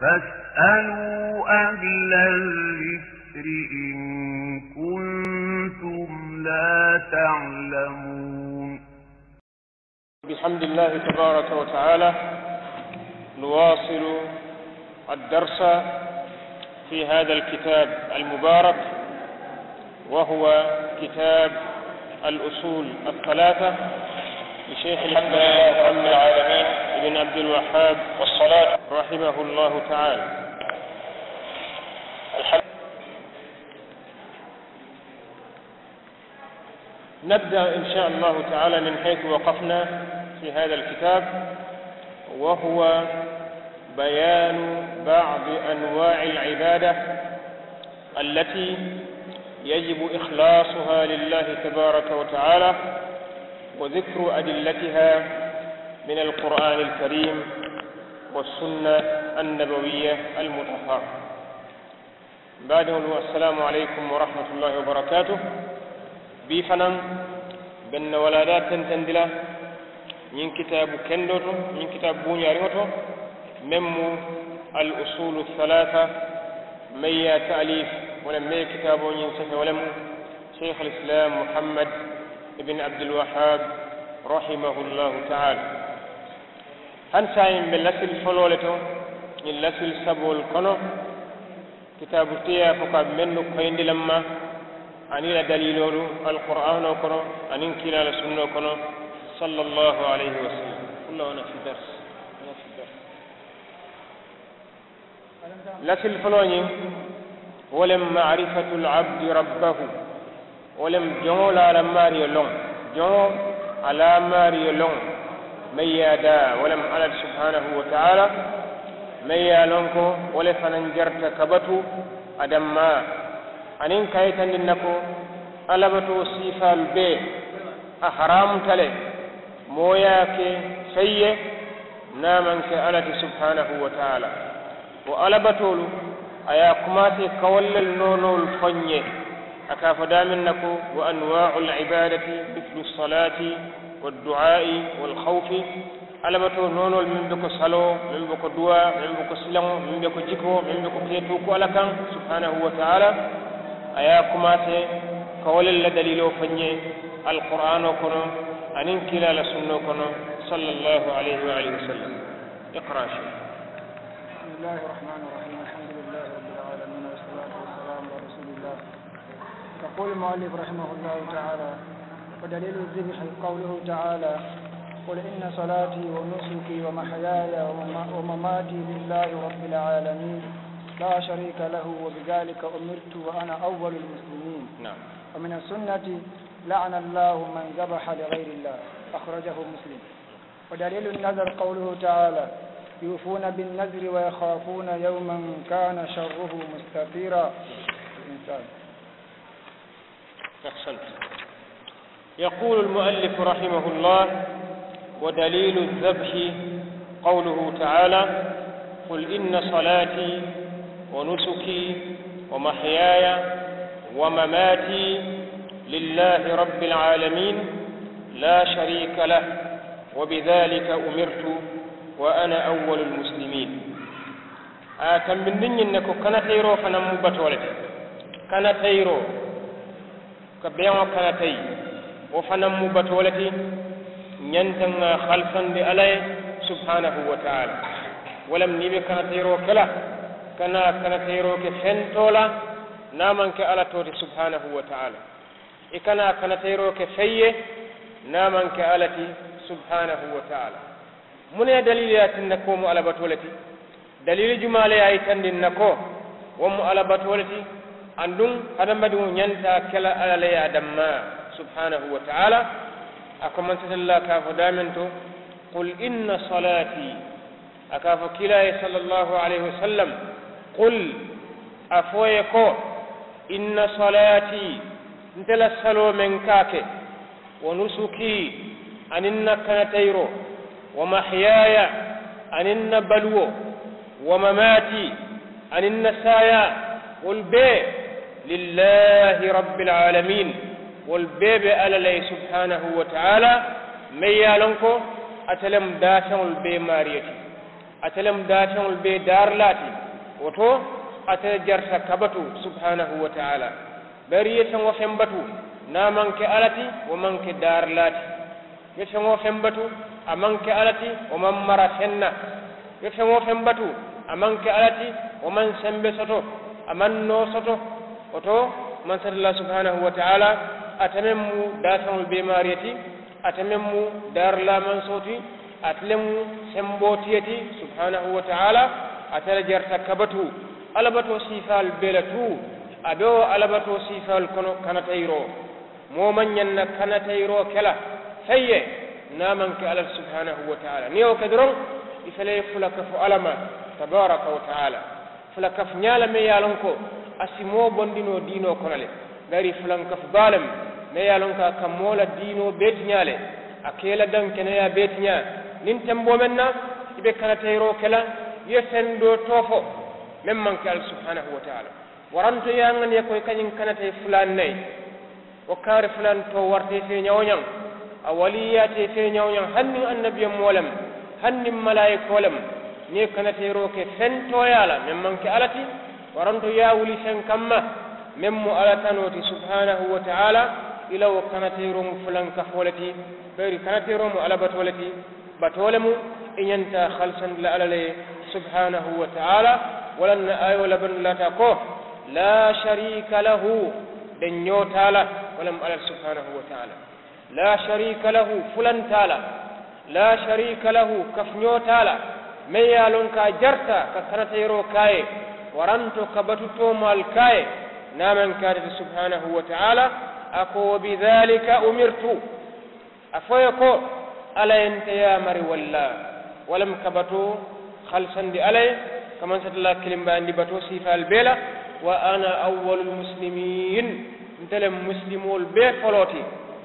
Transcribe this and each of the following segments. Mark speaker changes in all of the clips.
Speaker 1: فاسألوا أهل الذكر إن
Speaker 2: كنتم لا تعلمون بحمد الله تبارك وتعالى نواصل الدرس في هذا الكتاب المبارك وهو كتاب الأصول الثلاثة لشيخ الحمد لله رب العالمين بن عبد الوهاب والصلاة رحمه الله تعالى نبدأ إن شاء الله تعالى من حيث وقفنا في هذا الكتاب وهو بيان بعض أنواع العبادة التي يجب إخلاصها لله تبارك وتعالى وذكر أدلتها من القرآن الكريم والسنة النبوية المطهرة بعده السلام عليكم ورحمة الله وبركاته بيفنا بن ولادات تندلا من كتاب كندر من كتاب بونياريوتو ممو الأصول الثلاثة ميا تأليف ولم كتاب ينسف ولم شيخ الإسلام محمد بن عبد الوهاب رحمه الله تعالى hantayin ɓe lasil folole to ñin lasil sabol kono kitabu tiya fo ko aɓe men no koyndilan ma anila dalilolu alqur'an o kono anin kilala sunno kono صلى الله عليه وسلم كله وانا في درس انا في درس
Speaker 1: لا في الفلوني
Speaker 2: ولم معرفة العبد ربه ولم جمول على ماريو لون جمول على ماريو لون يادا ولم ألد سبحانه وتعالى من لونكو ولفن انجرت كبتو أدما أنين كايتن لنكو ألبتو سيفا البي أحرام تلي موياك سيء نامنك ألد سبحانه وتعالى وألبتو أيا كماتي كولل نونو الفنيه أكافدامنكو وأنواع العبادة مثل الصلاة والدعاء والخوف ألبتو نونو المنبكو صلو المنبكو دعاء المنبكو سلم المنبكو جيكو المنبكو كيتوكو ألكا سبحانه وتعالى أياكما تي كولي لدليلو فني القرآن أن كلا لسنو كنو صلى الله عليه وآله وسلم اقرأ شيء
Speaker 3: بسم الله الرحمن الرحيم يقول المؤلف رحمه الله تعالى ودليل الذبح قوله تعالى قل إن صلاتي ونسكي ومحياي ومماتي لله رب العالمين لا شريك له وبذلك أمرت وأنا أول المسلمين نعم ومن السنة لعن الله من ذبح لغير الله أخرجه مسلم ودليل النذر قوله تعالى يوفون بالنذر ويخافون يوما كان شره مستثيرا الإنسان فاغسلت يقول المؤلف رحمه الله
Speaker 2: ودليل الذبح قوله تعالى قل إن صلاتي ونسكي ومحياي ومماتي لله رب العالمين لا شريك له وبذلك أمرت وأنا أول المسلمين آه كم من نين نكو كان خيرو فنمو بتولد كان خيرو ka beŋo kana tayi wo fanaŋ mu bato le ti ñantaŋ halsandi ala ye subhanahu wa taala walam niŋ i be kanatayiroo ke la kana kanatayiroo ke fentoo la naŋ maŋ ke ala tooti subhanahu wa taala i kana kanatayiroo ke fey ye naŋ maŋ ke ala ti subhanahu wa taala mu ne dalili ye tinna ko mu ala bato le ti dalili jumaa le ye a yitandin na ko wo mu ala bato le ti andun hadamadiŋo nyanta kala ala ya ye damma subhanahu wa taala a komantatalla ka fo qul inna salati a kila ya sallallahu alayhi wa sallam qul a ko inna salati ntela salo men kake wa nusuki anin na wa mahyaya aninna na wa mamati aninna saya wol bee lillahi rabbil alamin wol bee ɓe alalay subhanahu wa taala mai yalon ko atelem dateŋol bee maariyeti atelem dateŋol bee daarlaati woto ate jarta kabatu subhanahu wa taala bari yeteŋo fembatu naa manke alati wo manke daarlaati yo feŋo fembatu a manke alati wo man mara fenna yo feŋo fembatu a manke alati wo man sembe soto a man noo soto oto mansatalla subhanahu wa taala atamen mu dataŋol be mariyeti atamen mu darlamansoti atele mu sembotiyeti subhanahu wa taala atala jarta kabatu alabato sifal bela tu abe o alabato sifal kono kanatayiro momañanna kanatayiro kela fayye namanke alal subhanahu wa taala ni o ke doron ifele fula kafo alama tabaraka wa taala fula kaf ñalame yalon ko asimo bondino dino konale gari fulan kaf balam ne yalon ka kamola dino betinyale akela dan keneya betinya nin tembo menna ibe karatero kala yesendo tofo men manke al subhanahu wa ta'ala waranto yangan ya koy kanyin kanata fulan nay o kare fulan to warte fe nyawnyang a waliyate fe nyawnyang hannin annabiyam molam hannin malaikolam ni kanatero ke fentoyala men manke alati waranto yawuli hen kamma men mo alatanoti subhanahu wa taala ilawo kanatero mu fulanka foleti ɓeyri kanatero mu ala batoleti batole mu iñanta halsandila ala le subhanahu wa taala walanna ayo labandulata ko la sharika lahu ɗen ñootala walam alal subhanahu wa taala la sharika lahu fulantala la sharika lahu kaf ñootala men ya lon ka jarta ka kanatero kaye waranto kabatutomal kaye naman karete subhanahu wa taala ako wabidhalika umirtu afoye ko alayente yamari walla walam kabato halsandi alay kaman satala kilimbandi bato sifal beela wa ana awalu lmuslimin ntelem muslimol be foloti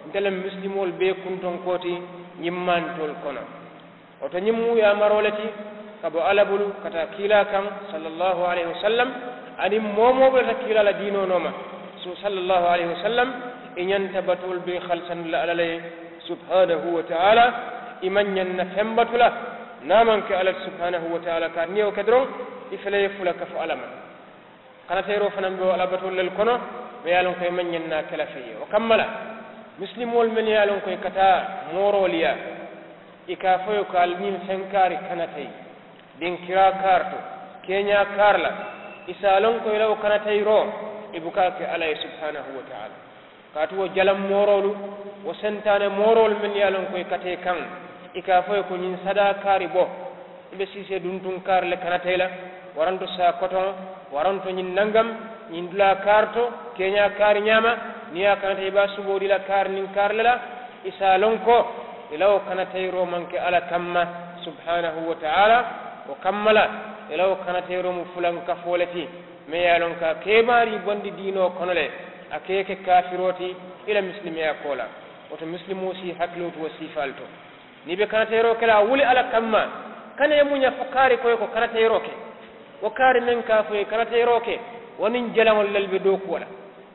Speaker 2: ntelem muslimol be kuntonkoti ñimmantol kono oto ñimmu yamarole ti saabu ala kata kila kam sallallahu alaihi wasallam ani momo be ta kiila la diinonoma so sallllahu alayhi wa sallam e ñanta batol be halsanula subhanahu wa taala iman ñanna naman ka ala subhanahu wa taala ka niyo ke doron i felaye fula kafo ala man kana tayro fanan ɓe alabatul lil kono be yalon koye man ñanna kela feye o kammala muslimol man yalon koye kata moro liya ka kalmin sankari al min kanatay din kira karto keña karla isalon koyla o kana tayro ibukake e alaye subhanahu wa taala kati wo jalam morolu wo sentane morol men yalon koye kate kan ika e foye ko ñin sada kari bo ɓe sise duntun karle kana tayla waranto sa coton waranto ñin nangam ñin dula karto keña kari ñama niya kana tay ba suɓodila kar nin karlela isalon ko ilawo e kana tayro manke ala kamma subhanahu wa taala o kammala ela o kanateromu fulan kafo le ti me ye ka keɓaari bondi diino kono le a keeke kafiro ti ila misilimeya koola woto misilimu si hakkilo to wo siifal kanatero kela wuli ala kamma kana e muña fo kaari koye ko kanatero ke wo kaari men kafoye kanatero ke wonin jalaŋol lel ɓe dow kuwola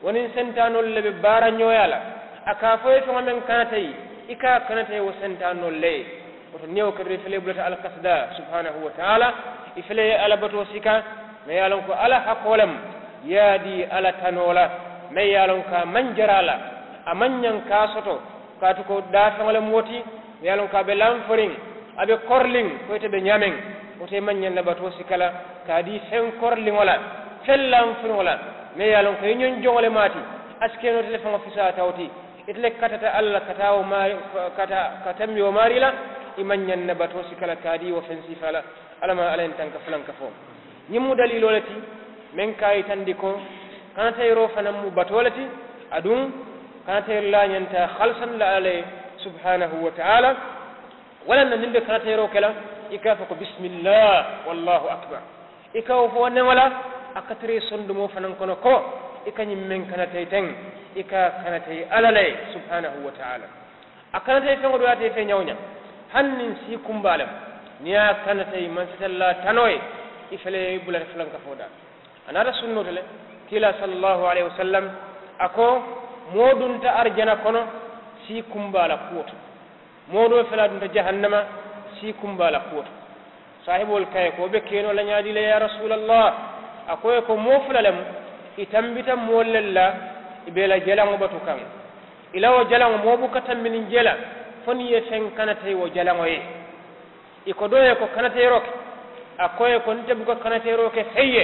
Speaker 2: wonin sentanol le ɓe baara ñoyala a kafoye men kanatayi i ka wo sentanol leye woto niwo kadi fele bulata ala kasda subhanahu wa taala i fele ye ala bato sika ma ye lon ko ala hakkolem yaadi ala tanola ma ye lon ka manjarala a manñan ka soto kaatu ko daataŋo lem woti ma ye lon ka aɓe lanforiŋ aɓe korliŋ koyte ɓe ñameŋ wote manñan la bato sikala kaadi feŋ korliŋo la feŋ lanforiŋo la ma ye lon ko ye ñoŋ joŋo askeno tele faŋo tawti itele katata alla katawo ma kata katammiwo maari la iman ñanne bato si kala kaadi wo fensi fala alama alayen tan ka fulan ka fo ñimmu dalilo le ti men kayitandi ko kana tayro fanan mu bato le ti aɗum kana tayro lañanta halsan la alaye subhanahu wa taala walanna nin ɓe kana tayro kela i ko bisimillah wallahu akbar i ka wo fo newala a katire sondumo fanan kono ko i kañim men kana tay ten i ka tay alalaye subhanahu wa taala a tay feŋo ɗo yate fe ñawña hannin si kumbalem ni ya kanatay mansitalla tanoye ifele bulata fulanka foda anata sunnote le kila sallallahu alayhi wa sallam ako moɗunta arjana kono si kumbala kuwoto moɗo fela ɗumta jahannama si kumbala kuwoto sahibol kaye ko ɓe keno lañadile ya rasulallah akoye ko mofulalem i tambita mollel la ɓe la jalaŋo ɓatu kan ilawo jalaŋo moɓu ka tambinin jela foni ye fen kanatay wo jalaŋoye iko ɗoye ko kanatayro ke a koye ko ntebu ko kanatayro ke feyye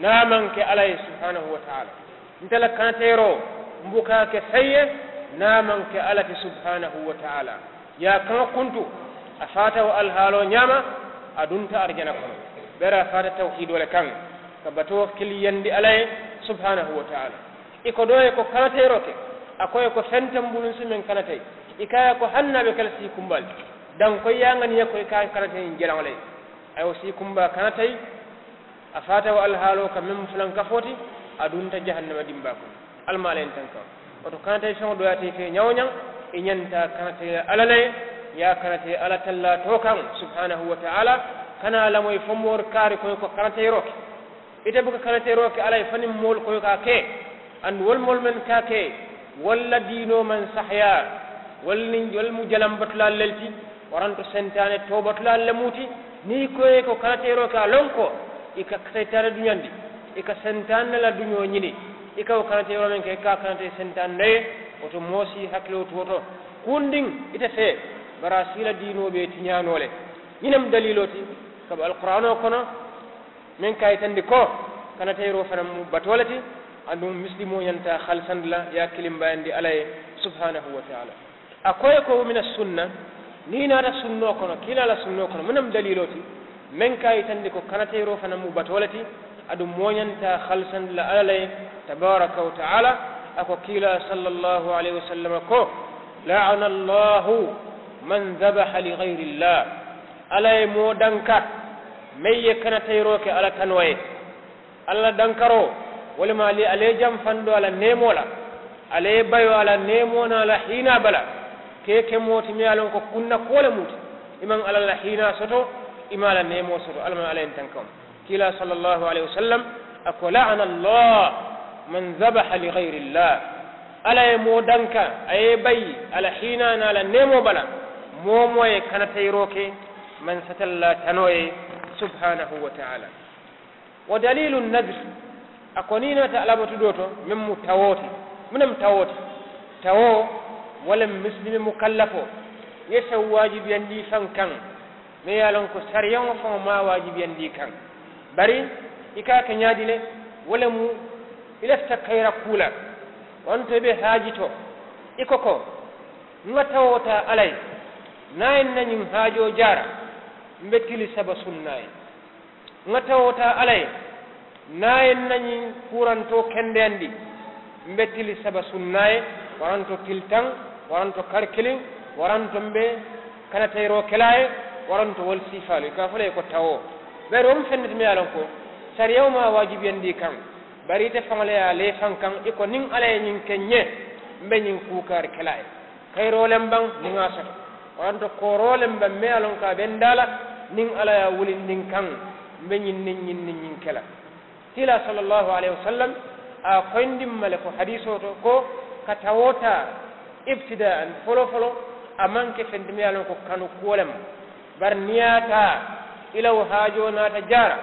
Speaker 2: namanke alaye subhanahu wa taala ntela kanatayro mbuka ke feyye namanke alake subhanahu wa taala ya kaŋa kuntu a fata wo alhaalo ñaama adunta arjana kono ɓera fata tawhidole kaŋ ka batoo kiliyandi alaye subhanahu wa taala iko ɗoye ko kanatayro ke a koye ko fenten mbulun simen kanatay ikaya ko hanna be kala si kumbal dan ko yangani yako ikaya kala tan jelan wala ay o si kumba kana tay afata wa alhalo kam mem fulan kafoti adun ta jahannama dimba ko almalen tan ko oto kana tay son do yati ke nyawnyang e nyanta kana tay alalay ya kana tay alatalla to kan subhanahu wa ta'ala kana lamoy fomor kari ko ko kana tay roke ite buka kana tay roke alay fanim mol ko ka ke an wol mol men ka ke walla dino man sahya wolni jolmu jalam batulal lelti waranto sentane to batulal le muuti ni koye ko karatero ka lonko ika karatare duñandi ika sentane la duño ñini ika ko karatero men ke ka karate sentane ne oto moosi hakkile oto woto kundin ita fee bara sila dinoɓe tiñanole ñinem daliloti saabu alquran o kono min kayitandi ko kana tayro fana mu batolati andum muslimo ñanta halsandla ya kilimbayandi alaye subhanahu wa taala akoye ko min sunna ni naata sunno kono kila la sunno kono munam dalilo ti men kayitandi ko kanatero fana mu batole ti aɗum moñanta halsandila alalay tabaraka wa taala ako kiila sallllahu alayhi wa sallam ko laana allahu man dabaha li gayrillah alaye mo danka meyye kanatayroke ala kanoye allah dankaro walima ali alaye jam fanɗo ala nemola alaye bayo ala nemona ala hina bala keke moti mi alon ko kunna kola muti iman alalla hina soto imala nemo soto alama alayen tankam kila sallallahu alaihi wasallam ako la'ana allah man dhabaha li ghairi allah ala ye mo danka aye bayi ala hina na ala nemo bala momoye kana tayroke man satalla tanoye subhanahu wa ta'ala wa dalilu nadr akonina ta alabatu doto min mu tawoti minam tawoti tawo walla muslimi mukallafo ye saw waajibiyanndi fan kan mais ye lon ko sariyaŋo faŋo ma waajibiyanndi kan bari i ka ke ñaadi le walla mu i lafta kayra kuula wanto e ɓe haaji to i ko ko nga tawota alay nayen nañin haajo jaara mbe tili saba sunnaye nga tawota alay nayen nañin kuranto kendeyanndi mbe tili saba sunnaye waranto tiltan waranto karkili waran to be kana tayro kelaye waranto wol sifalu ka fole ko tawo be rom mu mi me ye lon ko sariyaw ma waajibiyandi kaŋ bari te famale ya le fankan e ko nin alay e nin kenye ke ñe mbe ñiŋ kuukaari kelaye kayro lem baŋ niŋa soto waranto ko ro baŋ me ye lon ka ben daala niŋ alla ye wulindiŋ kaŋ mbe nin nin nin nin kela tila sallallahu alaihi wasallam a a koyndimma male ko hadiso to ko ka tawoo ابتداء فلو فلو أمانك فندمي على أنك كانوا كولم برنياتا إلى وهاجو ناتا جارا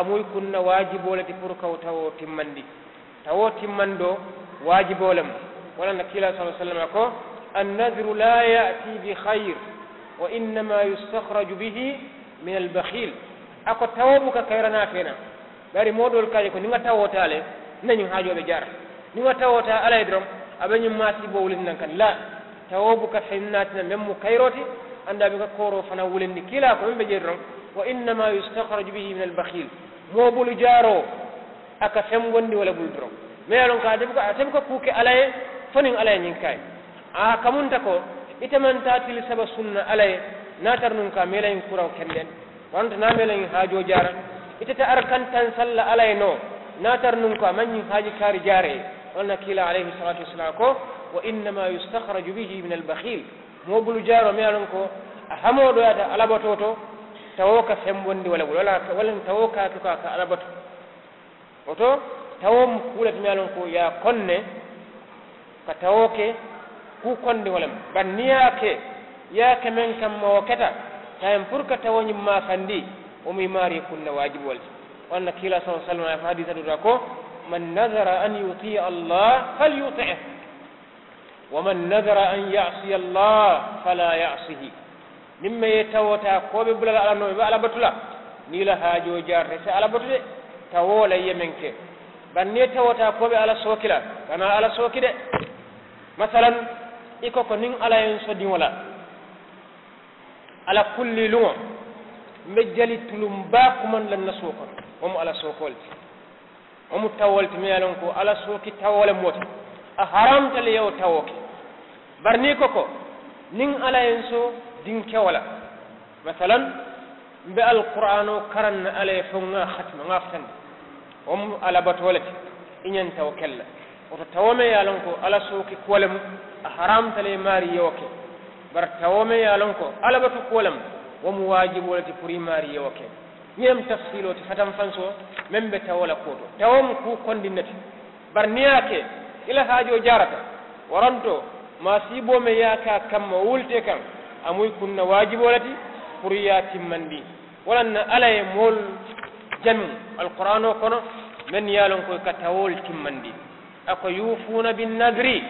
Speaker 2: أمو يكون واجب ولا تفرك أو تو تمندي تو تمندو واجب ولم ولا نكيل صلى الله عليه وسلم أكو النذر لا يأتي بخير وإنما يستخرج به من البخيل أكو توبك كيرنا فينا بري مودول كاجي كنيما تو تالي نيو هاجو بجار نيو تو تالي درم aɓeñum maati bo wulinnan kan la tawo bukat hinnatina men mu kayroti anda ɓe ka koro fana wulindi kila ko min ɓe jeeri ɗon wa innama yustahraju bihi min albahil mobolu jaaro aka femgondi wala ɓul doron mais alon ka ateɓe a teɓe ka kuuke alaye fonin alaye ñin kay a kamunta ko itemanta tili saba sunna alaye natar nun ka melayin kuraw kenɗen wanta na melayin haajo jaran itata arkantan sallah alaye no natar nun ko amañin haaji kaari jaare قلنا كلا عليه الصلاة والسلام كو وإنما يستخرج به من البخيل مو بلجار ميالنكو أهمو دو دوياتا على بطوتو تاوكا سمبوندي ولا ولا ولا تاوكا تكاكا على بطو وتو تاوم كولت ميالنكو كو يا كوني كتاوكي ku ولا walam banniyake yake من كم mawo keta tayen pour ما tawoñim ومي ماري كنا واجب kunna wajibol walla صلى الله عليه fa hadisa ɗuta ko من نذر أن يطيع الله فليطعه ومن نذر أن يعصي الله فلا يعصيه مما يتوتا كوبي بلا على نوي على بطلا نيلا هاجو جارت على بطلا تولى يمنك بل توتا كوبي على سوكلا كان على سوكي مثلا iko كنين على ala yen على كل لون مجالي luŋo mbe jali tulum baa o mu tawwol mi alon ko ala soki tawwole moti a haramtale yewo tawoke bar ni koko nin ala en so din kewala masalan be al o karanna ala e fo ga hatima ga fotande ala batolete iñan taw kella oto me yalon ko ala soki kuwole mum a mari maari yewoke bar me yalon ko ala batu kolam mum womo wajibole ti mari i maari ñem tafsilo ti fatam fanso men be tawola koto tawom ku kondinnati bar niyake ila hajo jarata waranto ma sibo me yaka kamma wulte kan amuy kunna wajibolati pour ya timmandi walanna ala e mool jami alquran o kono men yalon koy ka tawol timmandi ako yufuna bin nadri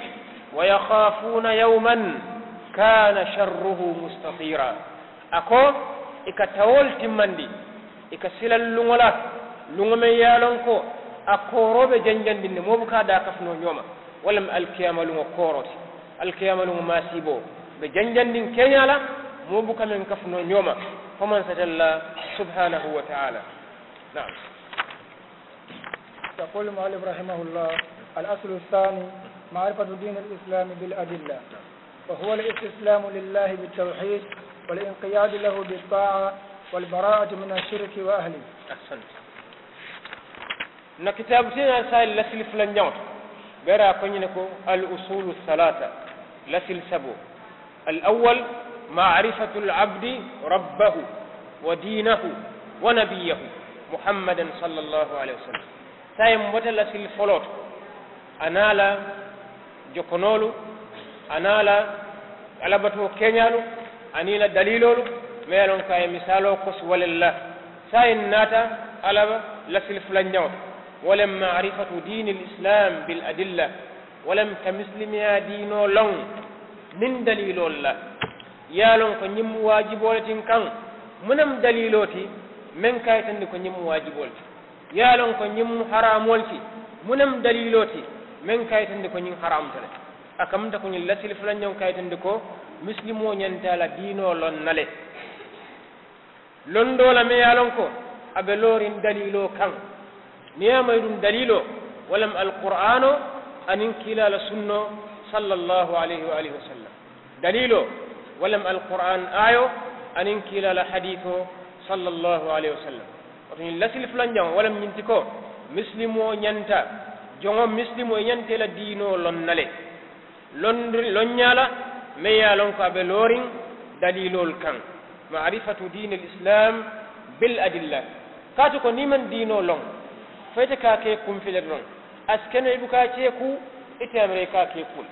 Speaker 2: wa yakhafuna yawman kana sharruhu mustatira ako ika tawol timmandi ika silal luŋola luŋo meŋ ko a be janjandi ne moo buka daa kafunoo ñooma walam alkiyama lungo koroti ti alkiyama luŋo maasiiboo be janjandi kenyala la moo buka meŋ kafunoo faman satalla subhanahu wa taala naam
Speaker 3: يقول المؤلف رحمه الله الأصل الثاني معرفة دين الإسلام بالأدلة وهو الاستسلام لله بالتوحيد والانقياد له بالطاعة والبراءة من الشرك وأهله
Speaker 2: أحسن نكتاب سينا سائل لسل فلن جوت برا كنينكو الأصول الثلاثة لسل سبو الأول معرفة العبد ربه ودينه ونبيه محمد صلى الله عليه وسلم سائل وتل سل فلوت أنالا جوكنولو أنالا ألبتو كينيالو أنيلا دليلولو meelon kaye misalo kos walilla sayin nata alaba lasil fulanñawta wolem marifatu dini l'islam bil adilla wolem ka misilimiya diino lon nin dalilol la yaalon ko ñimmu waajibole tin kan munam dalilo ti men kayitandi ko ñimmu waajibol ti yaalon ko ñimmu haramol ti munam dalilo ti men kayitandi ko ñin haramtale akamta koñin lasil fulanñon kayitandi ko misilimo ñantala diino lon nale londo la me yalon ko abe lorin dalilo kan niyama dum dalilo walam alqur'ano anin kila la sunno sallallahu alaihi wa alihi wasallam dalilo walam alqur'an ayo anin kila la haditho sallallahu alaihi wasallam wato lasil fulan jam walam nyinti ko muslimo nyanta jongo muslimo nyante la dino lonnale lon lon nyala me yalon ko abe lorin dalilol kan ma'rifatu din al-islam bil adilla kaatu ko niman diino long fayta ka ke kum filer non askeno ibuka ceku ite amerika ke kul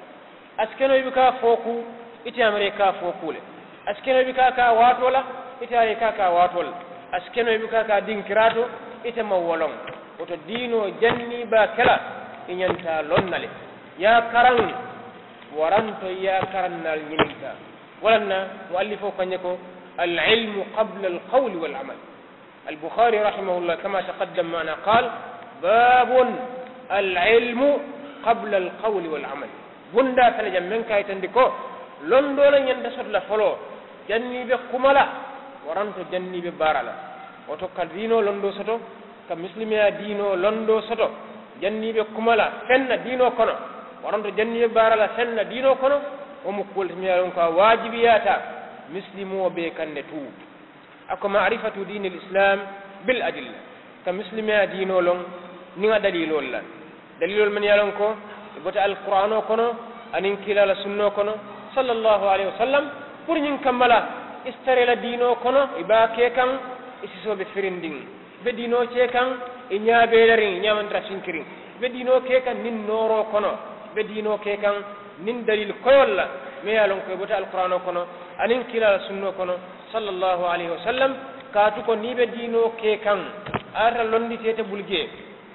Speaker 2: askeno ibuka foku ite amerika fokule askeno ibuka ka watola ite amerika ka watol askeno ibuka ka dinkirato ite mawolong oto diino janni ba kala iñanta lonnale ya karan waranto ya karannal ñininta walanna mo allifo kañe ko العلم قبل القول والعمل البخاري رحمه الله كما تقدم معنا قال باب العلم قبل القول والعمل بندا تنجم من كاي تندكو دولا يندسر لفلو جني بقملا ورانتو جني ببارلا وتوكل دينو لندو ستو كمسلمي دينو لندو ستو جني بقملا فن دينو كنو ورانتو جني ببارلا فن دينو كنو ومقول ميا لونكا واجبياتا misilimoɓe kamɓe tu ako marifatu dine l' islam bil adilla ka misilime a dinolon niŋa dalilol lan dalilol men yalon ko e bota alquran o kono anin kilala sunno kono sallllahu alayhi wa sallam pour ñin kammala istarela diino kono e ba ke kan e sisoɓe firindin ɓe diino ce kan e ñaabeelarin ñamantara sinkirin ɓe diino ke kan nin nooro kono ɓe diino ke kan nin dalil koyolla mais yalon koye bota alquran o kono anin kilala sunno kono sallallahu alaihi wasallam kaatu ko ni ɓe diino ke kan arata londitete bulge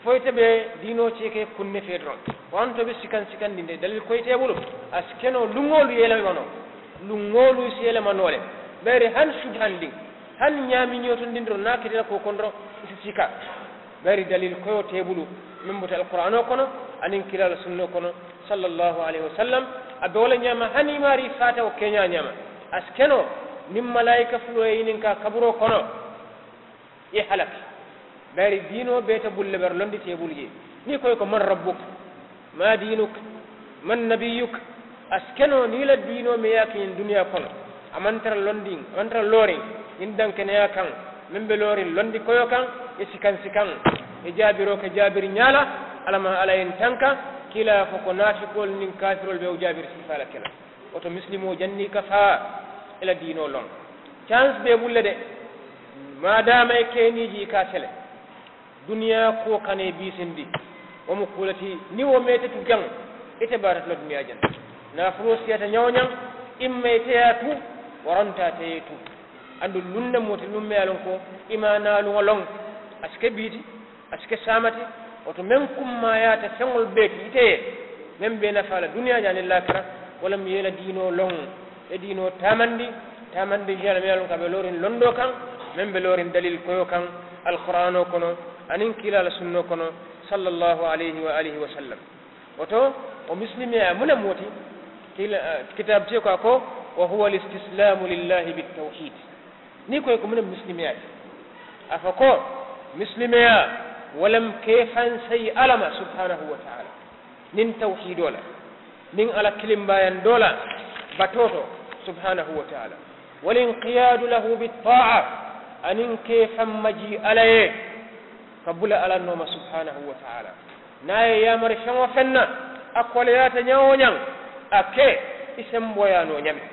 Speaker 2: foyte ɓe diino ceke kunne fee doron wanto ɓe sikan sikandinde dalil koyteɓolu a sikeno lungolu yelemano lungolu selemanole ɓayre han sud han ndin han ñamiñotondindiro na ketena ko kondoro isi sika ɓayri dalil koyo teɓolu min bote alqouran o kono anin kilala sunno kono sallllahu alayhi wa sallam aɓe wola ñama hani maari fata o keña ñama askeno nin malaika fulo yinin ka kaburo kono i halak dari dino beta bulle ber londi tebul je ni koy ko man rabbuk ma dinuk man nabiyuk askeno ni la dino me yakin duniya kono amantara londi amantara lori in dankene ya kan min be lori londi koyo kan e sikan sikan e jabiro ka jabir nyala alama alayen tanka kila foko nafikol nin kafirol be o jabir sifala kenan oto muslim o janni ka faa ela diino lon chance ɓe wulle de madama e keeniiji ka sele duniya ko kane biisindi omo kuulati ni o metetu jang ite e mbatatula duniya jang nafuro siyata ñawñang immeyteya tu waronta teye tu andu lunde muti lummeyalon ko imanaluŋo loŋ asike biiti asike samati oto men kummayata feŋol ɓeeti iteye men ɓe nafaala duniya jani lakira ولم يلد دينو لون دينو تامندي تامندي جالم يالون كبلورين لوندو كان من بلورين دليل كيو كان القران كونو انين كيلا السنه كونو صلى الله عليه واله وسلم وتو ومسلم يا من موتي كتاب جيكو اكو وهو الاستسلام لله بالتوحيد نيكو يكون من المسلم يا افكو مسلم يا ولم كيفا سي الم سبحانه وتعالى من توحيد ولا nin ala kilimbayan dola batoto subhanahu wa ta'ala walinqiyadu lahu bitta'a anin ke fammaji alaye kabula ala noma subhanahu wa ta'ala naye yamar shanwa fenna akoleyata nyawo nyang ake isemboyano nyame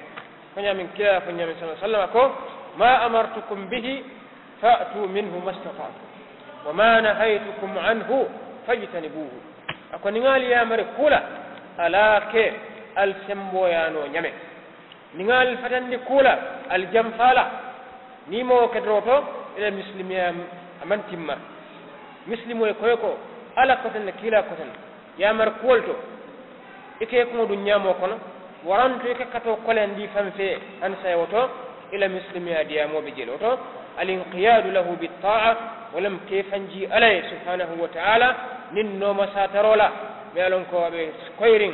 Speaker 2: konyamin kila fo nyame sallallahu alaihi wasallam ko ma amartukum bihi fa'tu minhu mastata'tum وما نهيتكم عنه فاجتنبوه أكون نغالي يا مري كولا alake ke al semboyano nyame niŋa al fatandi kula al jamfala ni mo kedoro ila misilimiya aman timma misilimo ye kila ko ala kotenna kiila kotenna yamar kuwol to ike kuŋo duŋ ñaamo kono waranto ke kato kolen di fee an sayo to ila misilimiya diyamoɓe jeli al inqiyad lahu ta'a ولم كيف نجي عليه سبحانه وتعالى nin نوم satarola ɓe alon ko aɓe koyrin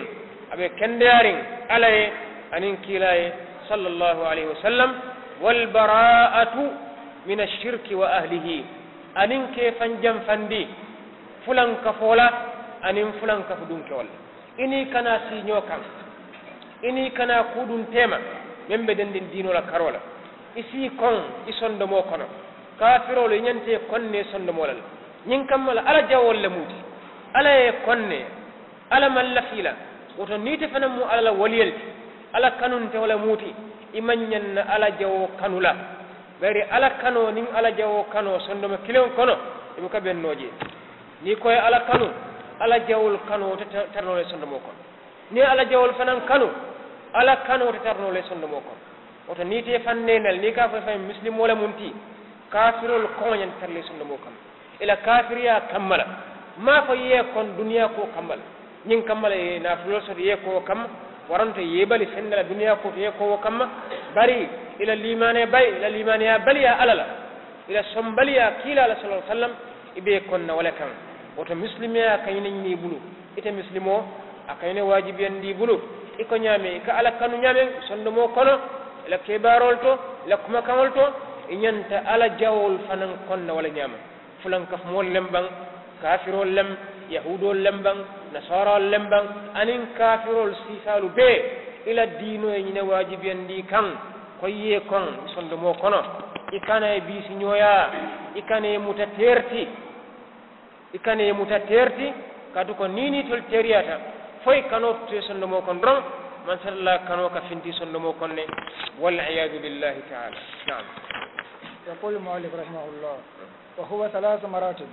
Speaker 2: aɓe kendeyarin ala ye anin kiila ye sallllahu alayhi wa sallam walbara'atu min ashirki wa ahlihi anin ke fan janfandi fulankafola anin fulankafu dunkewol ini kana siño kan ini kana kuɗum tema men ɓe dendin dinola karola isi kon i sondomo kono kafirolo ñante konne sondomolal ñin kammala ala jawolle muti ala ye konne ala man lafila woto niite fana mu ala la waliyelti ala kanunte wala muuti imanñanna ala jawo kanula bari ala kano nin ala jawo kano sondoma kilen kono imu ka ɓennoje ni koye ala kanu ala jawol kano wote tarnole sondomo kono ni ala jawol fanan kanu ala kano wote tarnole sondomo kono woto niite fannenal ni ka foy fay muslimole mum ti kafirol koñan tarle sondomo kono ila kafiriya kammala ma fo yiye kon duniya ko kammala ñiŋ kamma le naafulol soto ye kowo kamma waranto yebali fenna la duniya koto ye kowo kamma bari ila limane bay ila limaneya baliya ala la ila sombaliya kiila ala salaa sallam ibe konna wala kan woto muslimeya kañinen ni bulu ite muslim o a kañine waajibiyandi bulu iko ñaame ika ala kanu ñaamen sondomo kono ila kebarol to ila kumakaŋol to i ñanta ala jawol fanan konna wala ñaama fulankafumool lem baŋ kafirol lem yahudol lembang nasaral lembang anin kafirol sisalu be ila dino e ñine wajibiyandi kan koyye kon sondomo kono i kana e biisi ñoya i kana e muta terti i kana e muta terti kadu ko nini tol teriyata foy kano te sondomo kon ron man satalla kano ka finti sondomo kon ne waliyadu billahi taala naam
Speaker 3: يقول المؤلف رحمه الله وهو ثلاث مراتب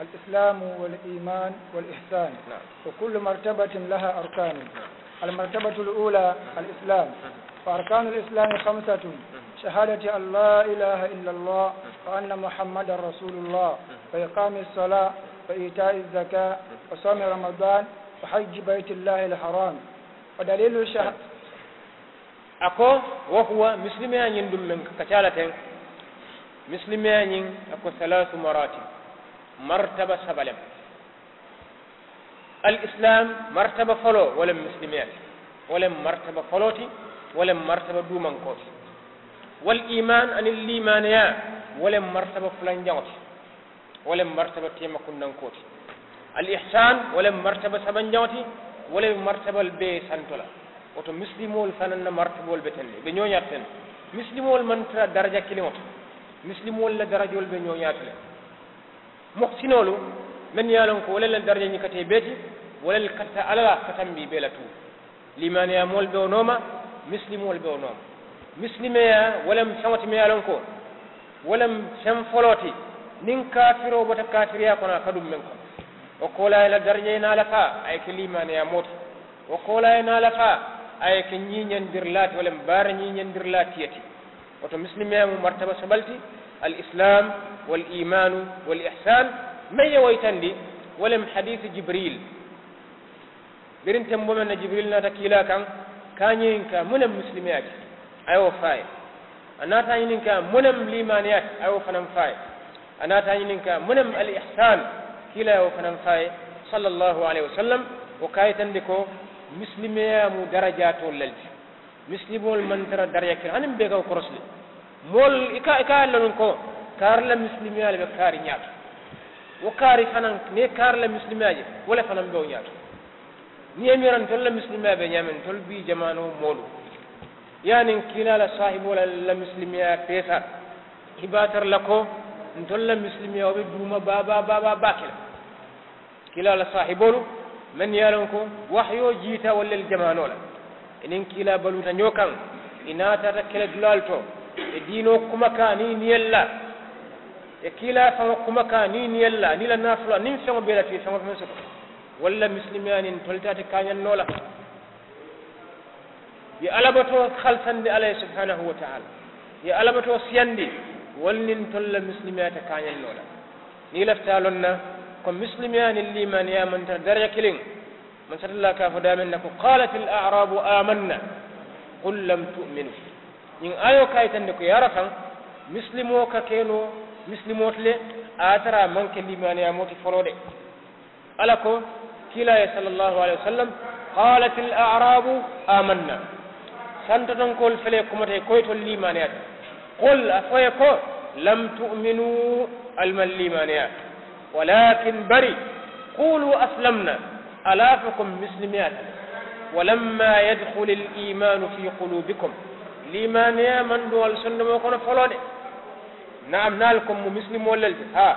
Speaker 3: الإسلام والإيمان والإحسان نعم. وكل مرتبة لها أركان نعم. المرتبة الأولى الإسلام فأركان الإسلام خمسة نعم. شهادة أن لا إله إلا الله وأن محمدا رسول الله نعم. وإقام الصلاة وإيتاء الزكاة وصوم رمضان وحج بيت الله الحرام ودليل الشهادة
Speaker 2: ako wahuwa muslimeyañin ɗum men ka أكو ثلاث ako salatu مرتبة سبلم الإسلام مرتبة فلو ولم مسلمات ولم مرتبة فلوتي ولم مرتبة دومان كوتي والإيمان أن الإيمان يا ولم مرتبة فلان جوتي ولم مرتبة تيما كنن كوتي الإحسان ولم مرتبة سبن جوتي ولم مرتبة البي سنتولا وتو مسلمو الفنن مرتبة البتلي بنيو ياتن مسلمو من درجة كلمة مسلمو لا درجة البنيو ياتن muhsinolu men ye lon ko wolel darje ñi kate beeti wolel katta alala katambi bee la tuu limaniya mool be o nooma misilimol be o nooma misilimeya wolem feŋoti me ye lon ko wolem feŋ foloti niŋ kafiro bota kafiriya kono a kadum men kono o koolaye la darje naa la faa a ye ke limaniya mooti o koolaye naa la faa a ye ke ñiiñandir laati wolem baara ñiiñandir laa tiyati woto misilimeya mu martaba sobalti الإسلام والإيمان والإحسان من يويتندي ولم حديث جبريل برين من جبريل ناتا كيلا كان ينكا من المسلمات أيوة فاي أنا تانين كا من الإيمانيات أيوة فنم فاي أنا تانين كا من الإحسان كلا أيوة فنم فاي صلى الله عليه وسلم وكايتندكو مسلمي مو درجات وللج مسلمون من ترى درجة كان بيغو كرسلي mol ika ika lanun ko karla muslimi ala be kari nyaat wo kari fanan ne karla muslimi aje wala fanan be nyaat ni emiran tolla muslimi be nyamen tol bi jamanu molu yani kilala sahibu la la muslimi ya pesa ibatar lako ntolla muslimi ya be duma baba baba bakila kilala sahibolu man yalon ko wahyo jita wala jamanu la enen kila baluta nyokan ina tata kala dulal to edino diino kumaka ni niyella e kiila faŋo kumaka ni niyella ni la nafulo ni feŋo bee la tu ye feŋo feŋ soto walla misilimiyaniŋ tolitaate kañannoo la ye alabatoo halsandi ala subhanahu wa taala ya alabato siyandi walnin tolla misilimiyata kañannoo la ni laftaa lon na ko misilimiyanin limaniya mantara darja kiling man satalla kaa fo daamen na ko arabu amanna qul lam tuminu ñin ayo kayitande ko yara kan misilimo ka keno misilimoto le a tara manke limaniyamoti folo de ala ko kilaye sallllahu alih wa sallam qalat l arabu amanna santatonkol fele kumate koytol limaniyata qol a foye ko lam tuminu alman limaniyat walakin bari qulu aslamna alafakum mislimiyata walamma yadkhulu l imanu fi qulubikum limaniya man duwal sondomo kono folode naam naal comme mo muslimo leldi ha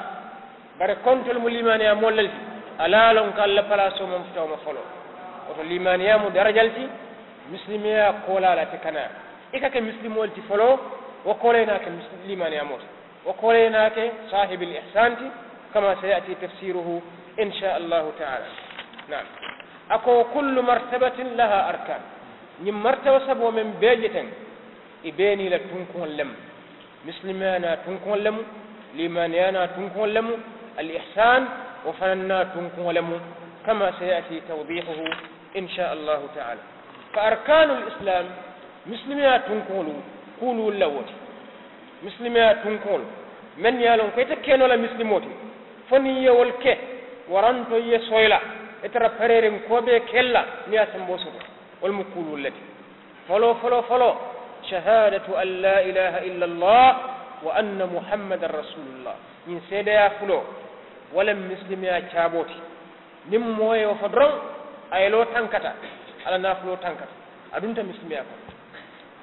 Speaker 2: bare kontol mo limaniya mo leldi ala lon ko allah place o mom tawma folo oto limaniya mo darajalti muslimiya kolalate kana ikake muslimol ti folo wo koleynake limaniya moto wo koleynake sahibil ihsan ti kama sayati tafsiruhu insha allahu taala naam ako kullu martabatin laha arkan ñim martaba sabo men beeje ten إباني ibeni la tunkon أنا muslimana tunkon lem أنا tunkon lem الإحسان وفننا تنكم ولم كما سيأتي توضيحه إن شاء الله تعالى فأركان الإسلام مسلمين تنكم قولوا اللوت مسلمين تنكم من يالون كي تكين ولا مسلموت فني والكي ورانتو يسويلا اترى فريرين كوبي كلا نياسم بوسط والمقولوا التي فلو فلو فلو شهادة أن لا إله إلا الله وأن محمد رسول الله من سيدة يا فلو ولم مسلم يا كابوتي نمو يوفدرون أي لو تنكتا على نافلو تنكتا أدونت مسلم يا فلو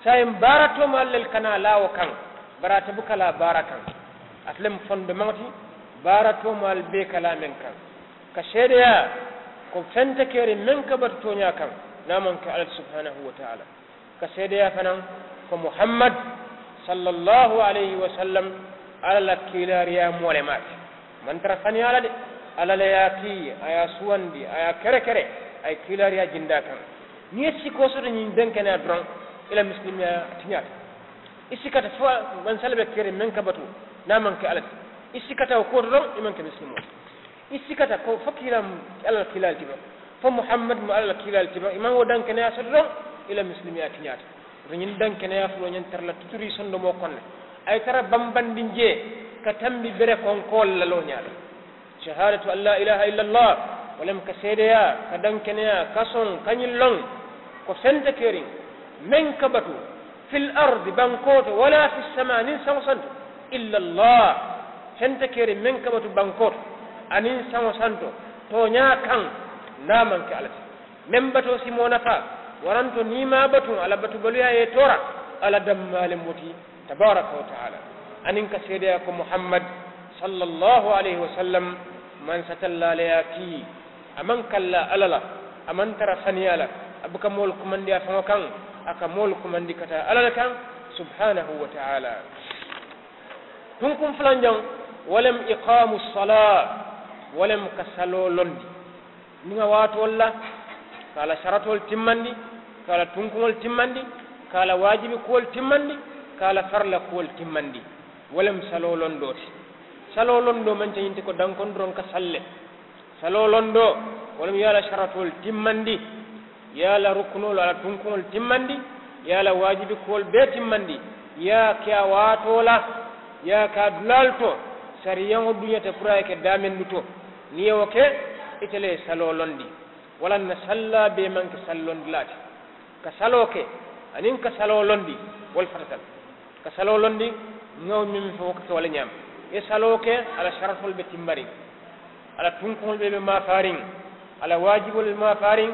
Speaker 2: سايم باراتو مال للكنا لا وكان براتبك لا باركان أتلم فندمتي باراتو مال بيك لا منك كشيدة يا كم فنتكير منك men ka نامنك على سبحانه وتعالى كسيدة يا فنان ko muhammad sallllahu alayhi wa sallam ala la kiilariya moole maake mantara fani ala de ala la ye kiiye a ye suwandi a ye kere kere a ye kiilariya jinda kan niŋ ye sikoo soto ñiŋ denkeneya doroŋ i la misilimiya tiñaata i sikkata fo mansala be kere meŋ ka batu naa maŋ ke ala ti i sikkata wo kuwo doroŋ i maŋ ke misilimoo i sikkata ko fo kiila ala la kiilaali ti ba fo muhammad mu ala la kiilaali ti ba i maŋ wo dankeneya soto doroŋ i la misilimiya tiñaata roñin dankene yafulo ñen terla tuturi sondo mo konne ay tara bambandin je ka tambi bere konkol la lo ñaala shahadatu an la ilaha illa allah walem ka seedeya ka dankeneya ka son kañil lon ko sente kerin men ka batu fil ardi bankoto wala fi sama nin saŋo santo illa allah sente kerin men ka batu bankoto anin saŋo santo toña kaŋ namanke alati men bato simo nafa waranto nima batun ala batubaliya ye tora ala dammale moti tabaraka wa taala anin ka seedeya ko muhammad sallallahu alayhi wa sallam man satallaleya ki aman kalla alala aman tara saniyala abuka mool kumandi a faŋo kaŋ aka mool kumandi kata alala kaŋ subhanahu wa taala tun kun fulanjaŋ walem iqamu sala walem ka saloo londi niŋa waatol la ka ala saratol timmandi kala tunkuŋol timmandi kala wajibi kuwol timmandi kala farla kuwol timmandi wolem saloo londo ti saloo londo manca yinti ko dankondoron ka salle saloo londo wolem yo ala saratowol timmandi ye ala rukkunol ala tunkuŋol timmandi ye ala wajibi kuwol bee timmandi ya ke a waato la ya ka dulal to sariyaŋo duñata pour aye ke damendu to niŋ ke itele salolondi londi walanna salla bee manke sallondilaati ka saloo ke anin ka saloo londi wol fatatal ka saloo londi ŋewo min fo ka ke wala ñaam e saloo ke ala sarafol ɓe timmariŋ ala tunkoŋol ɓe ɓe mafariŋ ala wajibol ɓe mafariŋ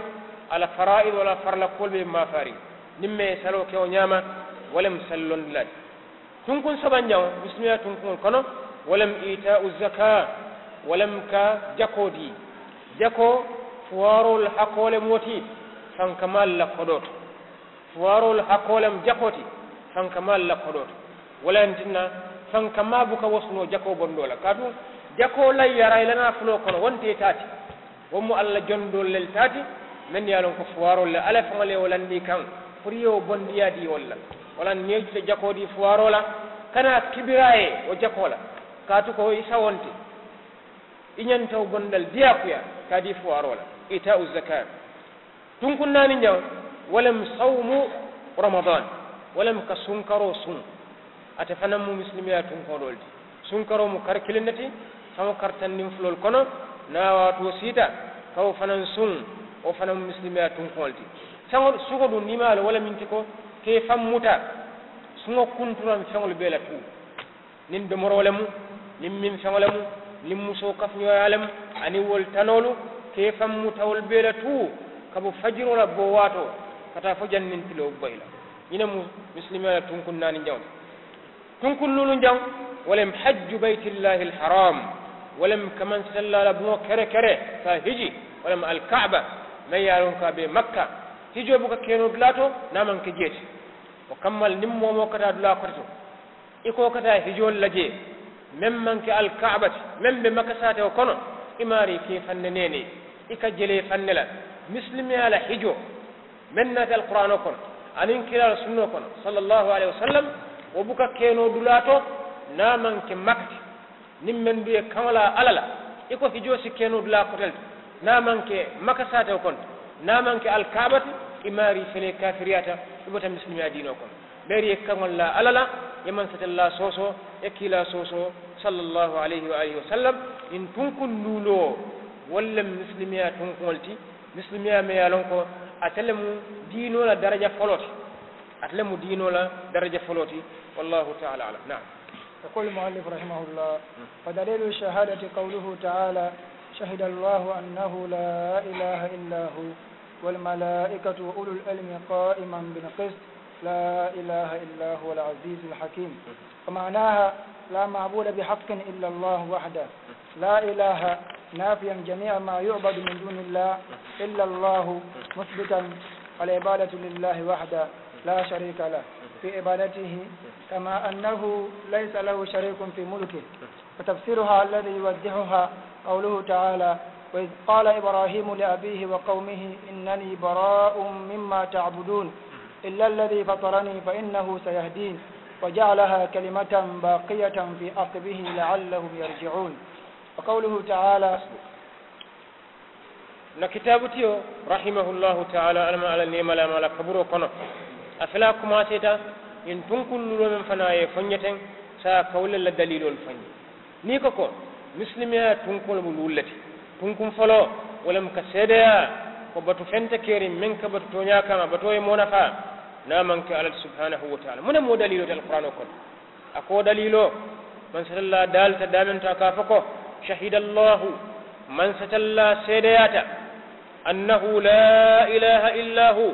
Speaker 2: ala faraid wala farlakol ɓe ɓe mafariŋ niŋ me e saloo kewo ñaama walem sali londilaati tunkun sabanjaŋo bisimiya tunkuŋol kono walem itau zaka walem ka jakoo dii jako fuwarol hakole moti sankamal la kodoto suwarol hakolam jakoti fankama lakkoɗoto walantinna fankama buka wasno jako bondola kaatu jako lay yara lana fulo kono wonte tati wonmo allah jondol lel taati men yalon ko suwarol le ala fangale walandi kan pour yo bondiyadi wolla walan nejude jakodi suwarola kana kibira e o jakola kaatu ko isa wonte iñantaw gondal diyakuya kadi fuwarola itau zakat tun kunnani walam sawmu ramadan walam ka sunkaro sun ate fana mu misilimiya tunkoɗol ti sunkaro mu kar kilinnati samo kartannin fulol kono nawato siita kawo sun o fana mu misilimiya tunkool ti saŋol sugo ɗum nimaalo wala minti ko ke fammuta suŋo kunturan feŋol bee la nin domoro le nin min feŋo nin musoo kafuñoya le mu aniŋ wol tanoolu ke fammutawol bee la tuu kabo fajiro la bo waato kata fo jannin tilo boyla ina mu muslimina muslimeo tunkunnaani jaw tunkun lulu jaw walam hajj baytillahi alharam walam kaman sallala bu kere kere sa hiji walam alka'ba man yarun ka be makka hijo bu ka keno blato to naman ke jeti o kammal mo kata dula kotato iko kata hijo laje mem man manke alka'ba mem be makka sate o kono imari ke fanne nene ika jele fanne la ala hijo men naati alqur'ano kono anin kilala sunno kono sallllahu alayhi wa sallam wo buka keno dula to namanke makati nin men duye kaŋola ala la i ko hijosi keno dula kotel to namanke makasatew konto namanke alkabati imari fele kafiriyata ibota misilimiya dino kono ɓeeri ye kaŋol la ala la yeman satella soso e kila soso sallllahu alayhi wa alihi wa sallam in tunkun luulowo walla misilimiya tunkuŋol ti misilimiya meyalon ko أتلم mu diino la daraja foloti atele mu diino la daraja foloti wallahu taala
Speaker 3: يقول المؤلف رحمه الله فدليل الشهادة قوله تعالى شهد الله أنه لا إله إلا هو والملائكة وأولو العلم قائما بالقسط لا إله إلا هو العزيز الحكيم ومعناها لا معبود بحق إلا الله وحده لا إله نافيا جميع ما يعبد من دون الله إلا الله مثبتا العبادة لله وحده لا شريك له في عبادته كما أنه ليس له شريك في ملكه وتفسيرها الذي يوضحها قوله تعالى وإذ قال إبراهيم لأبيه وقومه إنني براء مما تعبدون إلا الذي فطرني فإنه سيهدين وجعلها كلمة باقية في عقبه لعلهم يرجعون وقوله تعالى
Speaker 2: na kitabu tiyo rahimahullahu taala alama ala nemala mala kaburo kono afela commencé ta in tunkullulo men fana ye foñeten sa kawle la dalilol fañi ni ko ko misilimiya tunkol mu lullati tunkum folo walam ka seedeya ko batu fente keri men ka batu toña kama bato ye monafa namanke alal subhanahu wa taala mune mo dalilo te alqouran o kono ako dalilo man satalla dalta damenta ka fo ko شهد الله من ستلا سيدياتا أنه لا إله إلا هو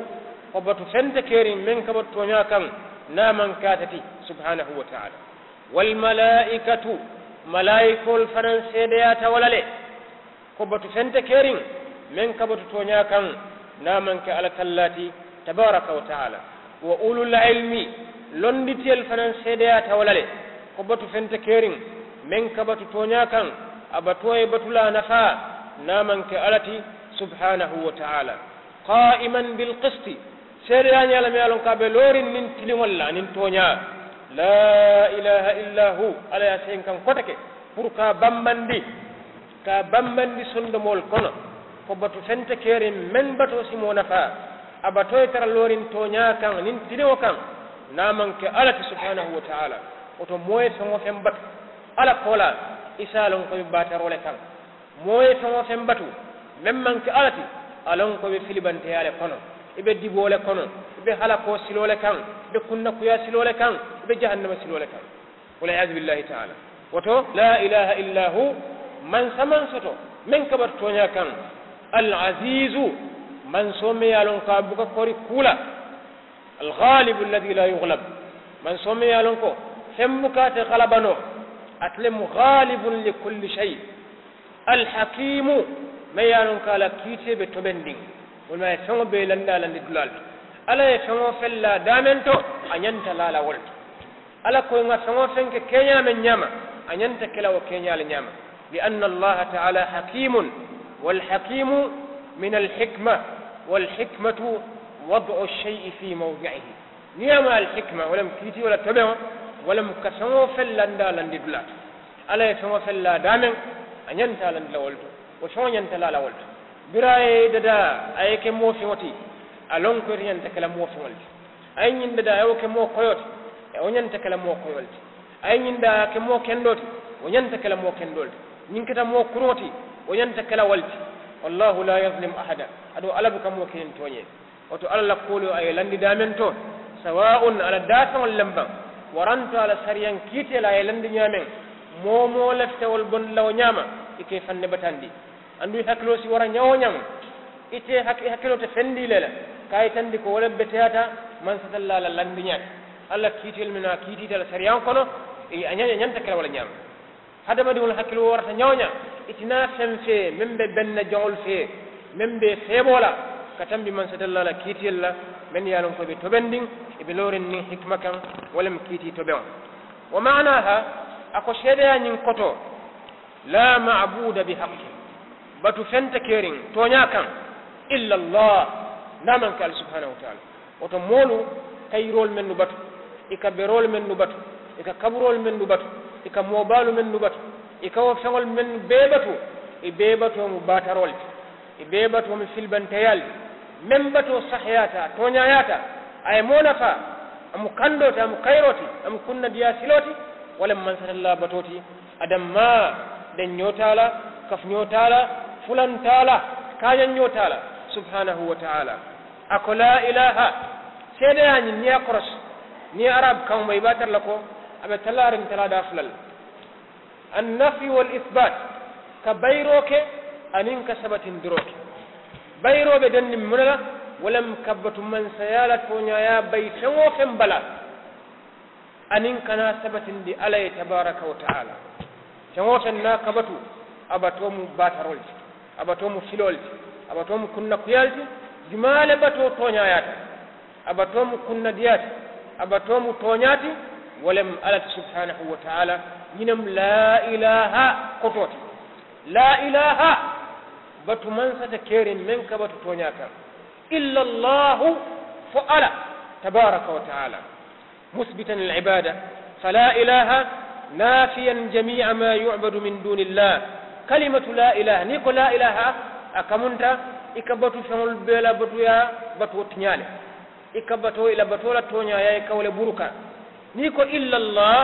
Speaker 2: قبط سنتكير من كبت وناكا نامن كاتتي سبحانه وتعالى والملائكة ملائكة الفرن سيدياتا ولا لي قبط سنتكير من كبت وناكا نامن اللاتي تبارك وتعالى وأولو العلم لندتي الفرن سيدياتا ولا لي قبط سنتكير من كبت وناكا abatoye batulanafa namanke alati subhanahu wa taala qa'iman bilqisti seeɗiraani ala mi alon kaɓe loorin nin tiliŋol la nin tooñaa la ilaha illa hu ala ya sen kan kotake pour ka bambandi ka bambandi sondomol kono ko batu fente kerin men bato simo nafa abatoye tara loorin tooñaa kan nin tiliŋo kan namanke alati subhanahu wa taala oto moye feŋo fen batu ala koolaa isalon ko be role kan moye mo fem batu men ke alati alon ko be filibante ale kono ibe dibole kono ibe ko silole kan be kunna ya silole kan ibe jahannama silole kan wala yaz billahi ta'ala woto la ilaha illa hu man saman soto men kabar tonya kan al azizu man somme yalon ka buka kori kula al ghalib alladhi la yughlab man somme yalon ko fem bukate ghalabano أتلم غالب لكل شيء الحكيم ميانون قال كيتي بتبندين وما يسمو بيلندا لندلال ألا يسمو فلا دامنتو لا لا ولت ألا كوينغا سمو فنك كينيا من نياما أنينتا كلا وكينيا لنياما لأن الله تعالى حكيم والحكيم من الحكمة والحكمة وضع الشيء في موضعه نياما الحكمة ولم كيتي ولا تبعه ولم كسمو فلا دالا دبلات على سمو فلا دامن ان ينتا لن لولد وشو ينتا لا لولد براي ددا ايك مو في وتي الون كو ينتا كلام مو في ولد اي نين ددا ايوك مو كويوت او ينتا كلام مو كويوت اي نين دا كمو كندوت او ينتا كلام مو كندوت نين كتا مو كروتي او ينتا كلام ولد والله لا يظلم احدا ادو البك مو كين توني وتو الله قولو اي لاندي دامن تو سواء على داتا ولا waranto ala sariyan kiitela e landiña men momo laftewol bonlaw ñaama ike fanne batandi andu hakkilo si wara ñawo ñam ite hakkilo te fendile la kayi tandi ko wala beteyata man satalla ala landiñaake allah kiitel men a kiitita ala sariyan kono e a ñanta kela wala ñaama hadamadiŋol hakkilo warata ñawña itina fen fee meŋ be benna joŋol fee meŋ be feebola ka tambi man satalla la kiitiyel la men ye a lon ko ɓe toɓendin eɓe lorin nin hikma kan walam kiiti toɓe on wa manaha ako seedeyañin koto la mabuda bi haqqi batu fenta kerin toña kan illa llah naman ka ala subhanahu wa taala woto moolu kayirol men nu batu ika berol men nu batu ika kaburol men nu batu ika mobalu men nu batu ika wo feŋol men bee batu i bee batomu batarol ti i bee batomu filbanteyal ti membato sahayata toñayata aye monafa amu kandoti amu kayroti amu kunnadiya siloti walla mansatalla batoti adam ma ɗen ñotala kaf ñotala fulantala kañan ñotala subhanahu wa taala ako la ilaha seeɗeyañi niya koros ni arabe kawma yiɓa tarla ko aɓe talarin talaɗa fulal annafi wal ithbat ka bayroke anin ka sabatindiro ke bayroɓe dandi munala walam kabbatu man sayala toñaya bay feŋo feŋ bala anin kana sabatindi ala ye tabaraka wa taala feŋo feŋ na kabatu abato mu batarol ti abato mu filol ti abato mu kunna kuyal ti jumale bato toñayata abato mu kunna diyati abato mu toñati walam alati subhanahu wa taala ñinam la ilaha kototi la ilaha باتو منسد كيرين منك باتو تونياكا إلا الله فألا تبارك وتعالى مثبتا العبادة فلا إله نافيا جميع ما يعبد من دون الله كلمة لا إله نيكو لا إله أكمنت إكبتو باتو فمول بيلا باتو يا باتو تنيالي إكا إلا باتو لا تونيا يا كولي بروكا نيكو إلا الله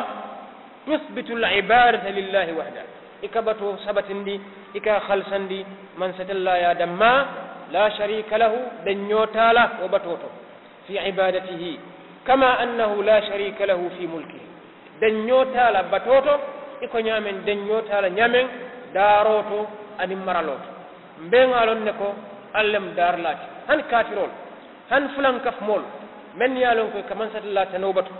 Speaker 2: تثبت العبادة لله وحده إكبتو باتو سبت دي إكا خلصندي من ستلا يا دما لا شريك له دنيو تالا وبتوتو في عبادته كما أنه لا شريك له في ملكه دنيو تالا بتوتو إكو نعمن دنيو تالا نعمن داروتو أن مرالوتو مبين ألون نكو ألم دار لاتي هن كاترول هن فلان كف مول من يالون كو كمان ستلا تنوبتو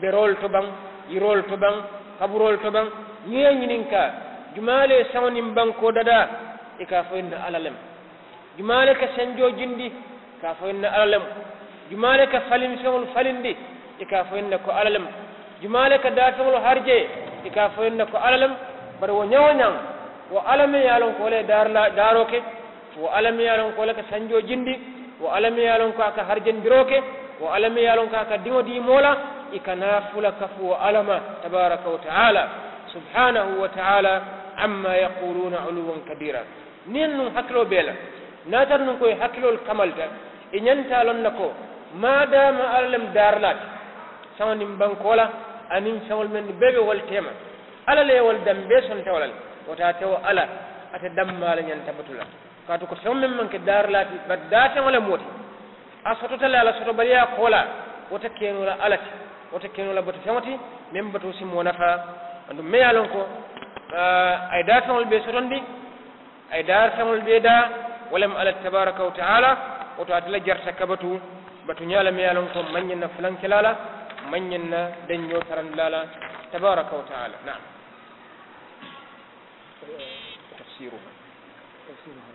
Speaker 2: برول تبان يرول تبان kaburol to ban ñiye ñinin ka jumale sawnin banko dada e ka foyinna alalem jumale ka sanjo jindi ka foyinna alalem jumale ka falin feŋol falindi e ka foyinna ko alalem jumale ka dafeŋol harje e ka foyinna ko alalem bari wo ñawo ñaŋ wo alame ye lon kole darla daro wo alame ye lon kole ka sanjo jindi wo alame ye ko aka harjendiro ke wo alame ye ko aka diŋo dimola i kana fula kafu wo alama tabaraka wa taala subhanahu wa amma yaquluna uluwan kabira nin nun hakkilo bela la natar nun koye hakkilol kamalta e ñantalon na ko madama alalem darlate sawonin bankola anin sawol men bebe wol tema ala le wol dambe son tewalal wota taw ala ata dammala nyanta batula kaatu ko sewo men manke darlati bat wala moti a tala ala soto bariya koola ala kenola alati wota kenula batu fewti min batu simmo nafa andu meyalon ko ay dartaŋol ɓe sotondi ay dartaŋol ɓe da walam ala tabaraka wa taala woto atala jarta kabatu batu ñala me yalon ko mañenna fulankelala mañenna dañño tarandilala tabaraka wa taala naam تفسيرها تفسيرها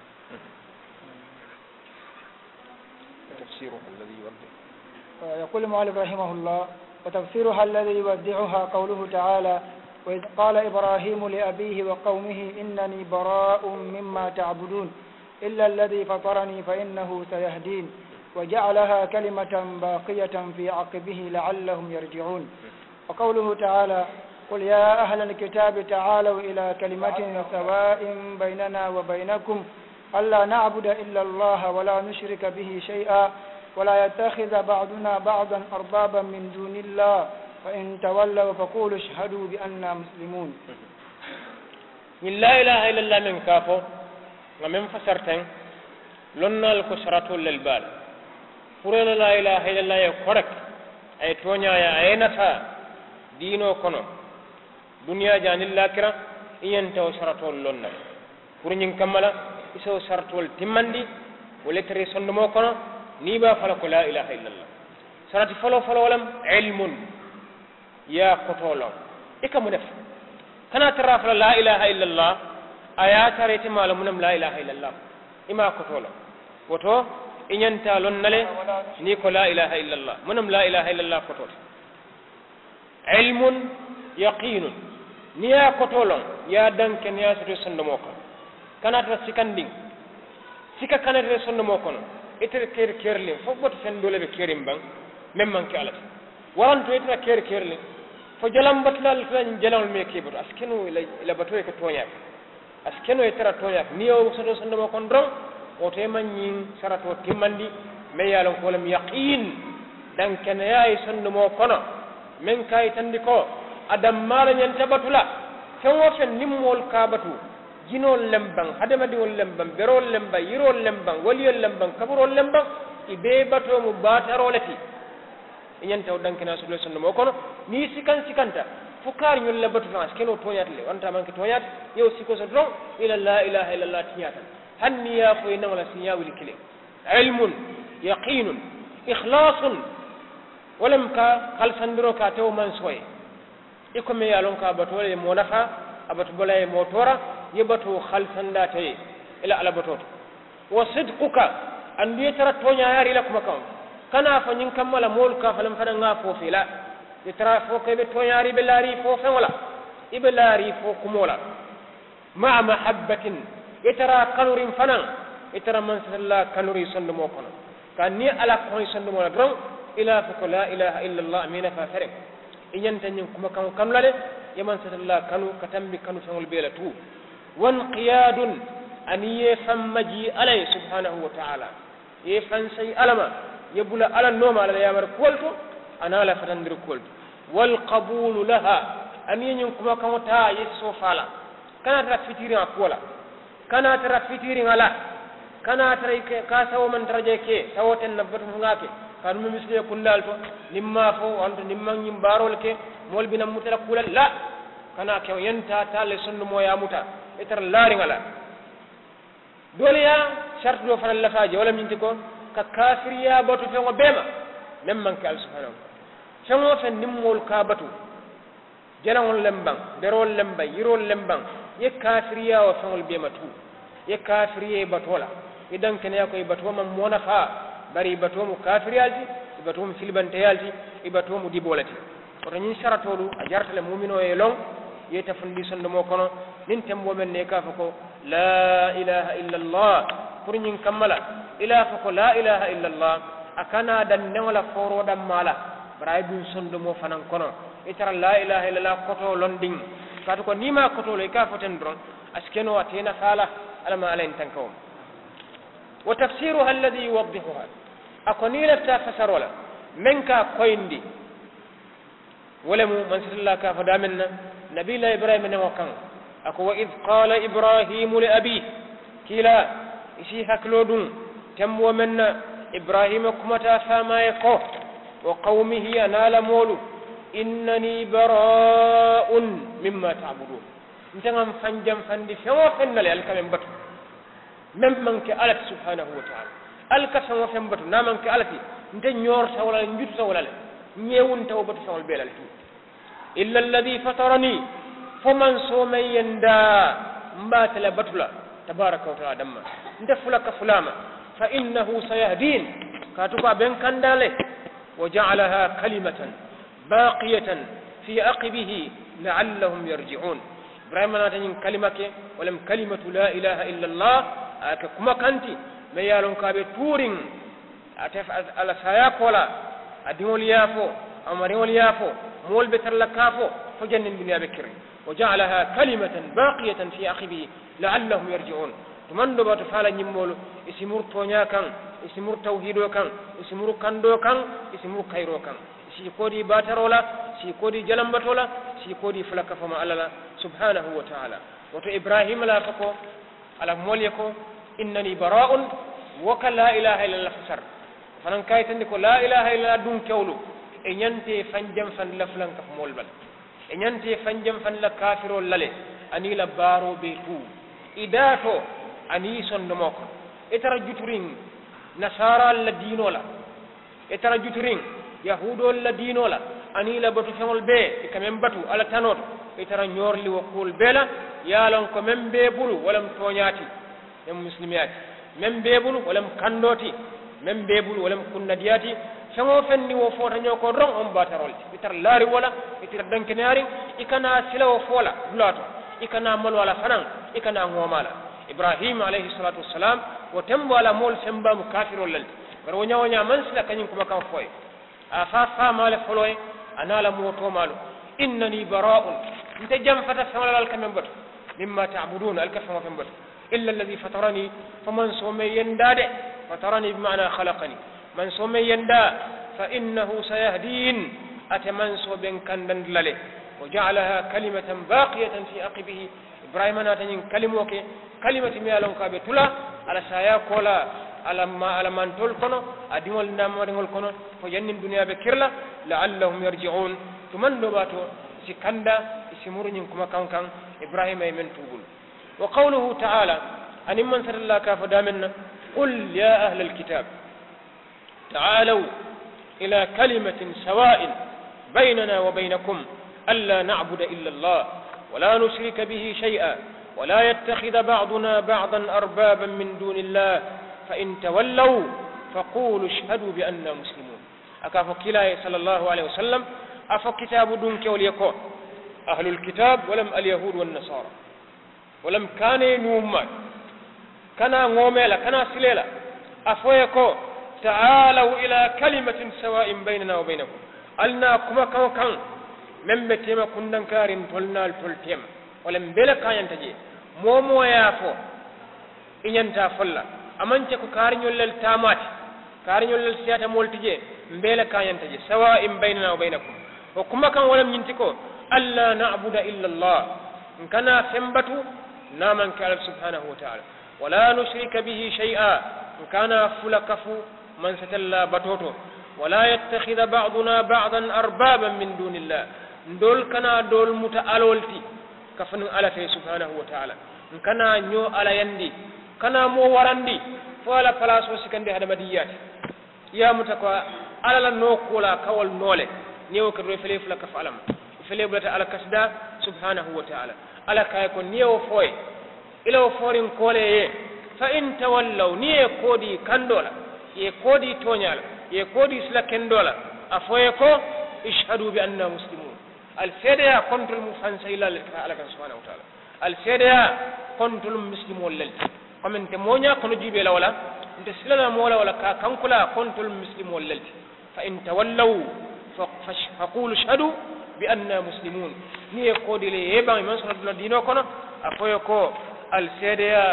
Speaker 2: تفسيرها الذي يوضح
Speaker 3: يقول المؤلف رحمه الله وتفسيرها الذي يودعها قوله تعالى وإذ قال إبراهيم لأبيه وقومه إنني براء مما تعبدون إلا الذي فطرني فإنه سيهدين وجعلها كلمة باقية في عقبه لعلهم يرجعون وقوله تعالى قل يا أهل الكتاب تعالوا إلى كلمة سواء بيننا وبينكم ألا نعبد إلا الله ولا نشرك به شيئا ولا يتخذ بعضنا بعضا أربابا من دون الله فإن تولوا فقولوا اشهدوا بأننا مسلمون
Speaker 2: من لا إله إلا الله من كافو ومن فسرتن لن الكسرة للبال فرين لا إله إلا الله يقرك أي تونيا يا أينتا دينو كنو دنيا جان الله اللاكرة إينتو سرة لن فرين كملا إسو سرة تمندي ولتري صندمو كنو نيبا فلق لا إله إلا الله سرة فلو فلو لم علم ya kotolon ika munef kana tarafla la ilaha illallah aya tarete mala munam la ilaha illallah ima kotolon woto iñanta lon nale ni ko la ilaha illallah munam la ilaha illallah kotote ilmun yaqinun ni ya kotolon ya danken ya soto sondomo kon kana tara sikandin sika kana tara sondomo kono itere ker kerlin fof goto fen dole ɓe kerin ban men manke alata waranto itera ker kerlin hojolan batulal tan jalawol me kebatu askeno ila batoye ko toñaɓe askeno e tara toñaɓe ni o soto sandemo kon dron oto emañin sarato timmandi mais yalon ko lam yaqin dankeneya e sondumo kono min kayi tandi ko adam mala ñanta batula fen o fen nimmol ka batu jinol lemban hadamadiŋol lemban berol lemban yirol lemban waliyol lemban kaburol lemban i be batomu bataroleti e ñanta o ɗankina solution ɗum o kono ni sikan sikanta fukar ñolla batulance keno toñata le wonta manke toñata yew sikoso doron ila la ilaha illallah tiñatan hanniya foye naŋola siñawili kile ilmun yaqinun ikhlasun wolem ka halsandiro ka tewo mansoye i comme ye lon ka bato wala mo nafa a bato bola ye mo tora ye bato halsanda teye ila ala batoto wa sidquka andu ye tara toñayari ila kuma kaŋ kana fo ñiŋ kamma la moolu ka falaŋ fanaŋ ŋa foofi la i tara fo ka i be toñaari i be laari fo feŋo la i be laari fo kumo la maa mahabbatin i tara kanuriŋ fanaŋ i tara mansatalla kanuri sondomo kono ka ni ala koŋ sondomo la doroŋ ila fo ko la ilaha illa llah amina fa fere i ñanta ñiŋ kuma kaŋo kanu la le ye mansatalla kanu ka tambi kanu feŋolu bee la tuu wanqiyadun ani ye faŋ maji ala ye subhanahu wa taala ye faŋ sayi ala ma يبلا على النوم على يامر كولتو أنا لا فتندر كولتو والقبول لها أن ينكم كم تا يسوفا لا كان ترى فتيرين أقولا كان ترى فتيرين على كان ترى كاسو من ترجك سوى تنبت مغاك كان ممسلي كندال تو نما فو أنت نما يمبارو مول بنا متلا كولا لا كان كم ينتا تالي سنو مويا متا إتر لارين على دوليا شرط دو فنلفاجي ولا منتكون ka kafiriya batu feŋo bee ma meŋ maŋ ke subhanahu wa taala feŋ wo feŋ ka batu jalaŋol lem baŋ berol lem baŋ yirol lem baŋ ye kafiriya wo feŋol bema tu ye kafiriya ye batoo la i dankeneya ko i batoo maŋ moo nafaa bari i batoo mu kafiriyal ti i batoo mu silibanteyal ti i batoo mu diboo le ti woto ñiŋ saratoolu a jarata le muminoo ye loŋ ye tafundi sondomoo kono niŋ tembo men ne ka fo ko la ilaha illa allah pour ñiŋ kamma la ila foko la ilaha illa allah akana dan newla foro dam mala bara dun sondo mo fanan kono itara la ilaha illa allah koto londing kato ko nima koto le ka foten dron askeno atena sala alama alain tanko wa tafsiruha alladhi yuwaddihuha akoni lafta fasarola men ka koyndi ولم من الله كاف دامنا نبي الله إبراهيم نمو كان أكو وإذ قال إبراهيم لأبيه كلا إشي هكلودون tem womenna ibrahima kumata samaye ko wa qawmihi anala molu innani bara'un mimma ta'budun ntangam fanjam fandi fewo fennale alkamen batu même manke alati subhanahu wa ta'ala alka sango fen batu na manke alati nte ñorta walale njutata walale ñewunta wo batu sangol beelal tu illa alladi fatarani foman somen yenda mbatela batula tabaraka wa ta'ala damma nte fulaka fulama فإنه سيهدين كاتوكا بن كندالي وجعلها كلمة باقية في عقبه لعلهم يرجعون إبراهيم ناتنين كلمة ولم كلمة لا إله إلا الله أككما كنتي ما يالون كابي تورين أتف على سياكولا أديمول يافو يافو مول بترلا فجنن بنيا بكري وجعلها كلمة باقية في عقبه لعلهم يرجعون tuman ɗo ɓato faala ñimmolu e simuru toña kan isimur tawhido kan isimur kando kan isimur simuru kan si kodi batarola si koodi jalambatola si kodi fulaka fama alala subhanahu wa taala woto ibrahim laata ko ala molye ko innani bara'un woka la ilaha illallah fasar fanan kayitandi ko la ilaha illallah dun kewlu e nyante fanjam fan la fulanka fomol bal e nyante fanjam fan la kafiro lale anila baro be tu idato ani sondomo moko itara juturin nasara la diino la itara juturin yahudo la diino la ani la batu feŋol be e kamem batu ala tanot itara ñorli wo kuol bee la lon ko mem be bulu walam tonyati nem musilimeyaati mem be bulu walam kandoti mem be bulu walam kunnadiyaati feŋo fenni wo foota ñoo ko roŋ on batarol ti itara laari wo la itara dankeneyaariŋ i kana sila wo fo la dulaa to i kana إبراهيم عليه الصلاة والسلام وتم ولا مول سمبا مكافر ولن برونيا ونيا منسلا كنين كما كان فوي أفا فا مال فلوي أنا لموتو مالو إنني براء انت جام فتا فمال الكمين مما تعبدون الكفر مفين بر إلا الذي فطرني فمن سومي يندا فطرني بمعنى خلقني من سومي يندا فإنه سيهدين أتمنسو بن كان وجعلها كلمة باقية في عقبه ibrahima naata ñiŋ kalimo ke kalimati mi ye loŋ ko a be tula ala saya kola ala ma ala mantol kono a diŋol ndamadiŋol kono fo yanniŋ duniya be kirla laallahum yarjiun tuman do bato si kanda isi muruñiŋ kuma kaŋ kaŋ ibrahima ye meŋ tuubulu wa qawluhu taala aniŋ man satalla ka fo dameŋ na qul ya ahla alkitab taalaw ila kalimatin sawa'in baynana wa baynakum alla nabuda illa allah ولا نشرك به شيئا ولا يتخذ بعضنا بعضا أربابا من دون الله فإن تولوا فقولوا اشهدوا بأننا مسلمون أكافكلا صلى الله عليه وسلم كتاب دونك وليكون أهل الكتاب ولم اليهود والنصارى ولم كان نوما كان غوميلا كان سليلا أفويكو تعالوا إلى كلمة سواء بيننا وبينكم ألنا كما كان meŋ be tema kundankaariŋ tolnaalu tol tema walla mbe le kañanta je moo moo ye a fo i ñanta fol la amaŋ ke ko kaariñol lel taamaati kaariñol lel siyata moolu ti je mbe le kañanta je sawain baynana wa baynakum o kuma kaŋ wo lem ñinti ko alla nabuda illa llah nkana fembatu naman ke ala subhanahu wa taala wala nushrika bihi shay'a nkana fula kafu man satalla batoto wala yattakhidha ba'duna ba'dan arbaban min dunillah ndol kana dol muta alolti kafanin ala subhanahu wa ta'ala kana nyo ala kana mo warandi fo ala palaso sikande hadamadiyati ya muta ko ala la kawal nole niyo ka do fele fula ka falam fele bulata ala kasda subhanahu wa ta'ala ala kay ko niyo foy ila forin kole ye fa in tawallaw niye kodi kandola ye kodi tonyal ye kodi sila kendola afoye ko ishhadu bi anna muslim alseedeya kontolum fansayilal ala kan subhanahu wa taala alseedeya kontolum misilimool lel komin te moña kono jiibe la wala nte silana moola wala ka kankula kontolum misilimool lel fa in tawallaw faqulu shhadu bi anna muslimun ni e koodile yeɓan men sono duna diino kono a foyo ko alseedeya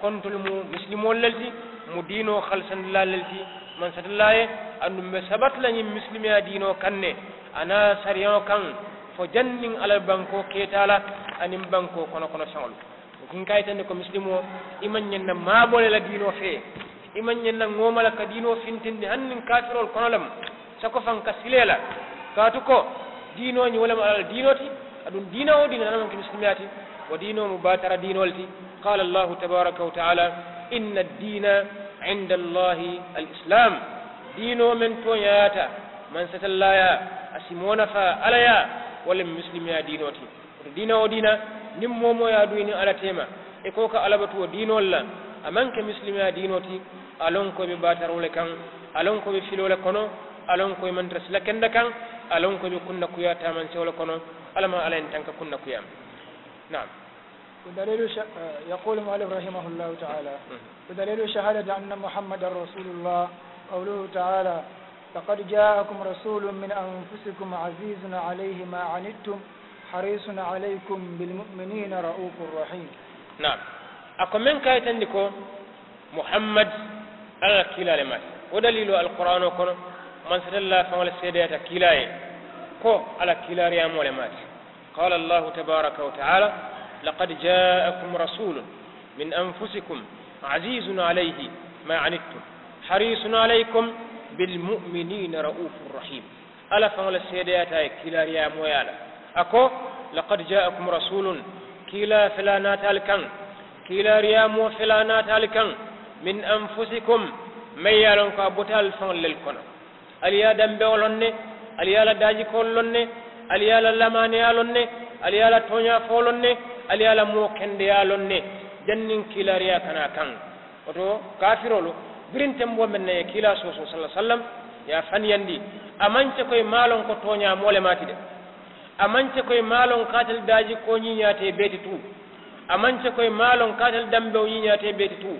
Speaker 2: kontolmu misilimool lelti mu diino halsandila lelti man satalla ye anndum ɓe sabatlañin misilimeya diino kanne ana sariyan kan fo jannin alal banko ketala anin banko kono kono saŋolu kin tan ko muslimo o iman ñenna maabole la dino fe iman na ngomala ka dino fintinde hannin kafirol kono lam sako fan ka sile ko dino ni wala wolema alal diino ti dino dino o dino nanam muslimiyati wo dino dino batara dino ti qala allahu tabaraka wa taala inna addina inda allahi al islam dino men toñayata man satallaya asimona fa alaya walla mi muslimiya diino ti oto diina o diina ndin momoya duyni ala tema e ko ka alabatu o diinol la amanke muslimiya diino ti alon koɓe batarole kan alon koɓe filole kono alon koye mantara sila kenda kan alon koɓe kunna kuya taman sewle kono alama ala en tanka kunna kuyam
Speaker 3: nam ودليل ش... يقول المؤلف رحمه الله تعالى ودليل شهادة أن محمد رسول الله قوله تعالى لقد جاءكم رسول من أنفسكم عزيز عليه ما عنتم حريص عليكم بالمؤمنين رؤوف رحيم نعم أكو من كاية
Speaker 2: محمد على كلا لمات ودليل القرآن وكنا من سد الله فعل سيدات كلا كو على كلا ريام ولمات قال الله تبارك وتعالى لقد جاءكم رسول من أنفسكم عزيز عليه ما عنتم حريص عليكم بالمؤمنين رؤوف رحيم ألا فنول السيدات كلا يا مويالا أكو لقد جاءكم رسول كلا فلانات الكن كلا ريا مو فلانات الكن من أنفسكم من كابوتا كابوتال فنول للكنا أليا دمبولون أليا لداجي كولون أليا للمانيالون أليا لتونيا فولون أليا لمو كنديالون جنن كلا ريا كنا كن وتو كافرولو birinten bo men ne kila soso sallallahu sallam ya yandi amance koy malon ko tonya mole mati de amance koy malon katel daji ko nyate beti tu amance koy malon katel dambe o nyate beti tu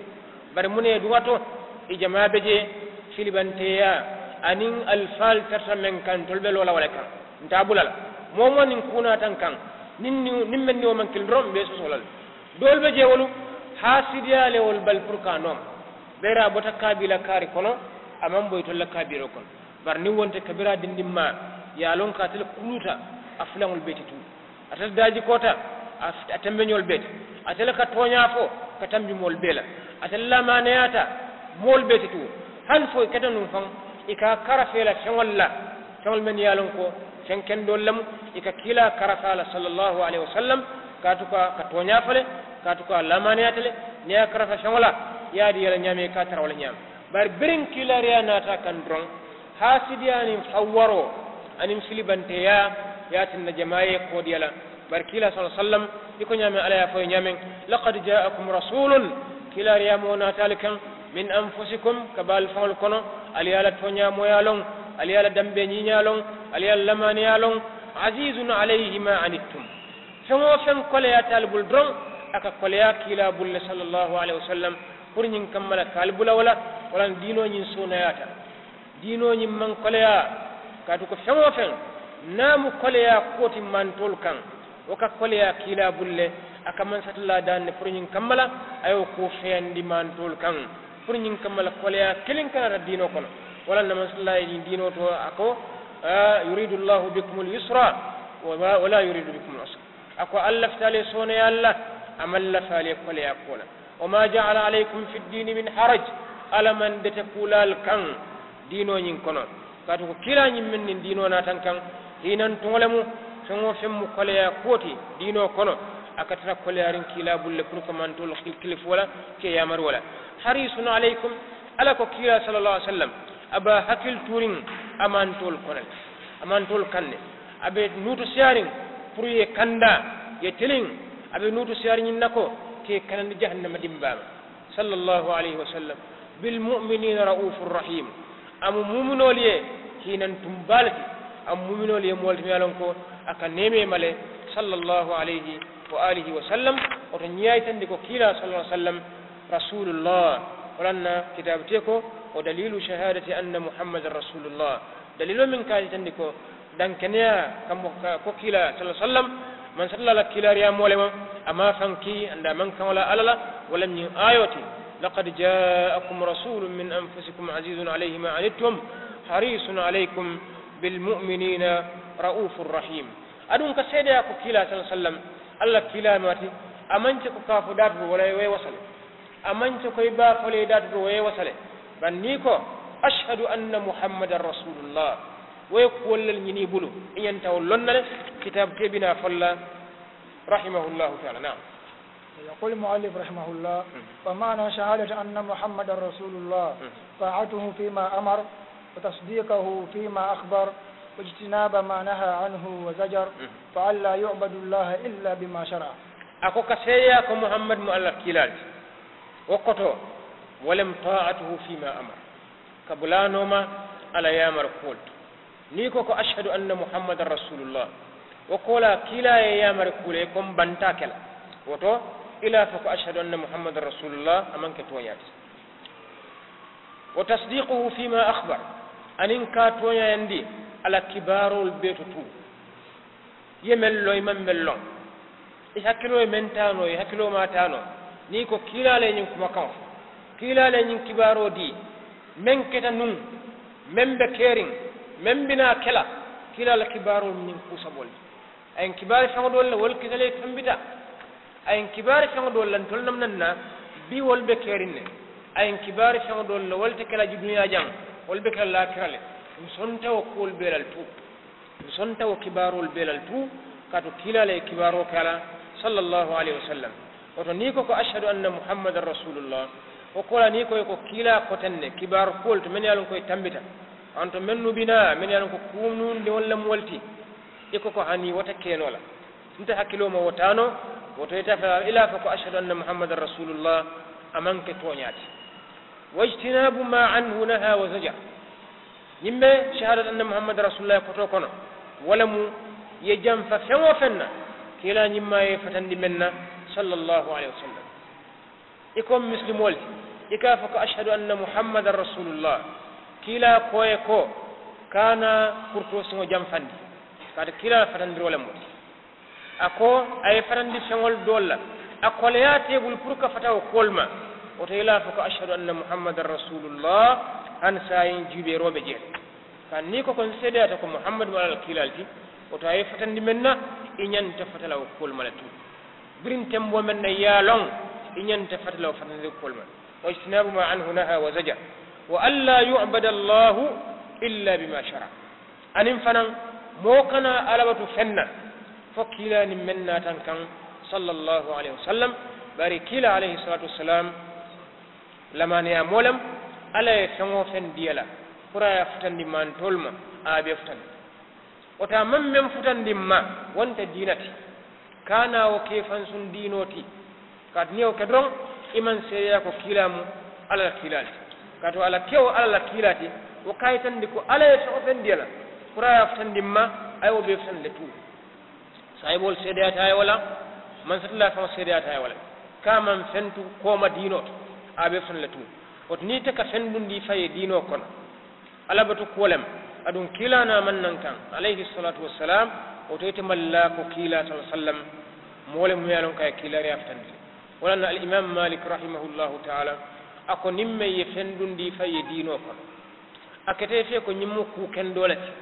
Speaker 2: bare mune du wato i jamaabe je ya anin alfal tata men kan tolbe lola wala kan nta bulala momo nin tan kan nin nin men o man kil rombe so solal dolbe je wolu ha wol bal pour non. ɓeyra bota kaabila kaari kono aman boy tolla kaabiro kono bar ni wonte kabira dindin ma ya lon ka tel kuluta a fulaŋol beti tu ata daji kota a tambeñol beti atela ka toña fo ka tambimol bee la atela lamaneyata mool beti tu han fo keta num faŋ i ka kara men ye lon ko feŋ kendol lemu i ka kiila sallallahu alaihi wa sallam kaatu fale kaatu ka lamaneyata le niya yaadi yela ñaame ka tara wala ñaam bari biriŋ kilariya naata kan doroŋ haasidiya aniŋ fawwaro aniŋ silibanteya yaatinna jamaye koodiya la bari kiila sa sallam i ko ñaame ala ye fo ye ñaameŋ laqad jaakum rasulun kilariya moo naataali kaŋ min anfusikum ka baal faŋol kono ali ye a la toñaamoya loŋ ali ye a la dambe ñiiñaa loŋ ali ye a la lamaaniya loŋ azizun alayhi ma anittum feŋ o feŋ koleyaataali bulu doroŋ aka koleya kiila bulle sallallahu alayhi wa sallam pour ñin kammala kalbula wala wala dino ñin sunayata dino ñin man koleya to ko famo fen namu koleya koti man tol kan woka koleya kila bulle aka man satalla dan pour ñin kammala ayo ko di man tol kan pour ñin kammala koleya kilin ra dino kono wala na man satalla yi dino to ako yuridu llahu bikum lyusra wala yuridu bikum lasr ako allah fitale sonaya allah aman lafale koleya kola وما جعل عليكم في الدين من حرج ألما دتفولا الكن دينو ينكنا كاتو كلا من دينو ناتن كان هنا تولمو فمو فمو كليا كوتي دينو كنا أكتنا كليا رين كلا بل كنك من تول كلف ولا كيامر ولا حريص عليكم ألا كلا صلى الله عليه وسلم أبا هكل تورين أمان تول كنا أمان تول كنا أبي نوتو سيارين بروي كندا يتلين أبي نوتو سيارين نكو كان جهنم دمبام صلى الله عليه وسلم بالمؤمنين رؤوف الرحيم أم مؤمنولي حين تنبالتي أم مؤمنولي مولتي مالنكو أكا نيمي مالي صلى الله عليه وآله وسلم وتنياي تندكو كيلا صلى الله عليه وسلم رسول الله ولنا كتابتكو ودليل شهادة أن محمد رسول الله دليل من كاتي تندكو دانكنيا كم كوكيلا صلى الله عليه وسلم من صلى الله كيلا ريا مولما أما فانكي أن من كان ولا أللا ولم يآيوتي لقد جاءكم رسول من أنفسكم عزيز عليه ما عنتم حريص عليكم بالمؤمنين رؤوف الرحيم أدون كسيدة يقول كلا صلى الله عليه وسلم الله كلا ماتي أمنت كافو داتو ولا يوي وصل أمنت كيبا فلي داتو وي وصل بنيكو أشهد أن محمد رسول الله ويقول للنيني بلو إن ينتهوا لنا كتاب تبنا فلا رحمه الله تعالى نعم
Speaker 3: يقول المؤلف رحمه الله ومعنى شهادة أن محمد رسول الله طاعته فيما أمر وتصديقه فيما أخبر واجتناب ما نهى عنه وزجر فألا يعبد الله إلا بما شرع
Speaker 2: أكو كسيا محمد مؤلف كيلاج وقتو ولم طاعته فيما أمر كبلانوما على يامر قولت نيكو أشهد أن محمد رسول الله وقولا كلا يا مركولي كم بنتاكلا وتو إلى فكو أشهد أن محمد رسول الله أمن كتوانيات وتصديقه فيما أخبر أن إن كاتوانيا يندي على كبار البيت تو يملو يمن ملون يحكلو يمن تانو يحكلو ما تانو نيكو كلا لين كما كان كلا لين كبارو دي من كتا نون من بكيرين من بنا كلا كلا لكبارو من كوسا بولي ayin kibaari feŋo doolu la wolu kisale fembita ayin kibaari feŋo doolu la ntolu nam nan na bi wolu be keerin ne ayin kibaari feŋo doolu la wolu te kela ju duniyaa jaŋ wolu be kela laakira le nsonta wo kuwolu bee lal tu nsonta wo kibaarolu bee lal tu kaatu kiila la ye kibaaroo ke a la sallallahu alayhi wa sallam woto nii ko ko ashhadu anna muhammadan rasulullah wo kola nii koye ko kiila koten ne kibaaro kuwolu to men ye a lon koye tambita anto men nubina men ye a lon ko kuumnuunde won lamuwol ti iko ko hani wota keenola nta hakilo mo wotano woto eta fa ila fa ko ashhadu anna muhammadar rasulullah aman amanke toñaati wajtinabu ma anhu naha wa zaja nimbe shahadatu anna muhammadar rasulullah ko to kono wala mu ye jam fa fewo fenna kila ñimma ye fatandi menna sallallahu alaihi wasallam iko muslimol ika fa ko ashhadu anna muhammadar rasulullah kila ko e ko kana kurto so jam fandi kata kila fatandiro le moti ako aye fatandi feŋol dool la a koleya tebul pour ka fatawo kolma woto ila fo ko ashhadu anna muhammadan rasulullah han sayin juuɓeroɓe jeeɗo kan ni kokon seedeyata ko muhammadu alal kilal ti woto aye fatandi men na i ñanta fatalawo kolma le tu birin tembo men na yaalon i ñanta fatalawo fatandi kolma wa ijtinabu ma anhu naha wa zaja wa an la yubada allahu illa bima shara anin fanan moo kana alabatu fenna fo kiilani menna tan kan sallallahu alaihi wa sallam bari kiila alaihi salatu wassalam lamaniya molam ala ye feŋo feŋ diya la pour di futandi mantol ma a be futandi wota maŋ meŋ futandin ma wonta dinati kana wo ke fansun diino ti kaatu niŋ wo ke doroŋ i maŋ ko kiilamu ala la kiila le kaatu ala kewo ala la kiila ti wo kayitandi ko ala ye feŋo feŋ diya la fura yaftandinma ayiwo be ftan le tu sayibol seedeyata ye wala mansatila faŋo seedeyata ye wala ka man fentu kooma diino to a be ftan le tu woto ni te ka fendundi faye diino kono ala batu kuwolem aɗum kiilana man nan kan alayhi salatu wassalam woto yite malla ko kiila sa sallam moole mum yalon kaye kiilari yaftandi walanno alimam malik rahimahullahu taala ako nimme ye fendundi faye diino kono akete fe ko ñimmu ku kendolete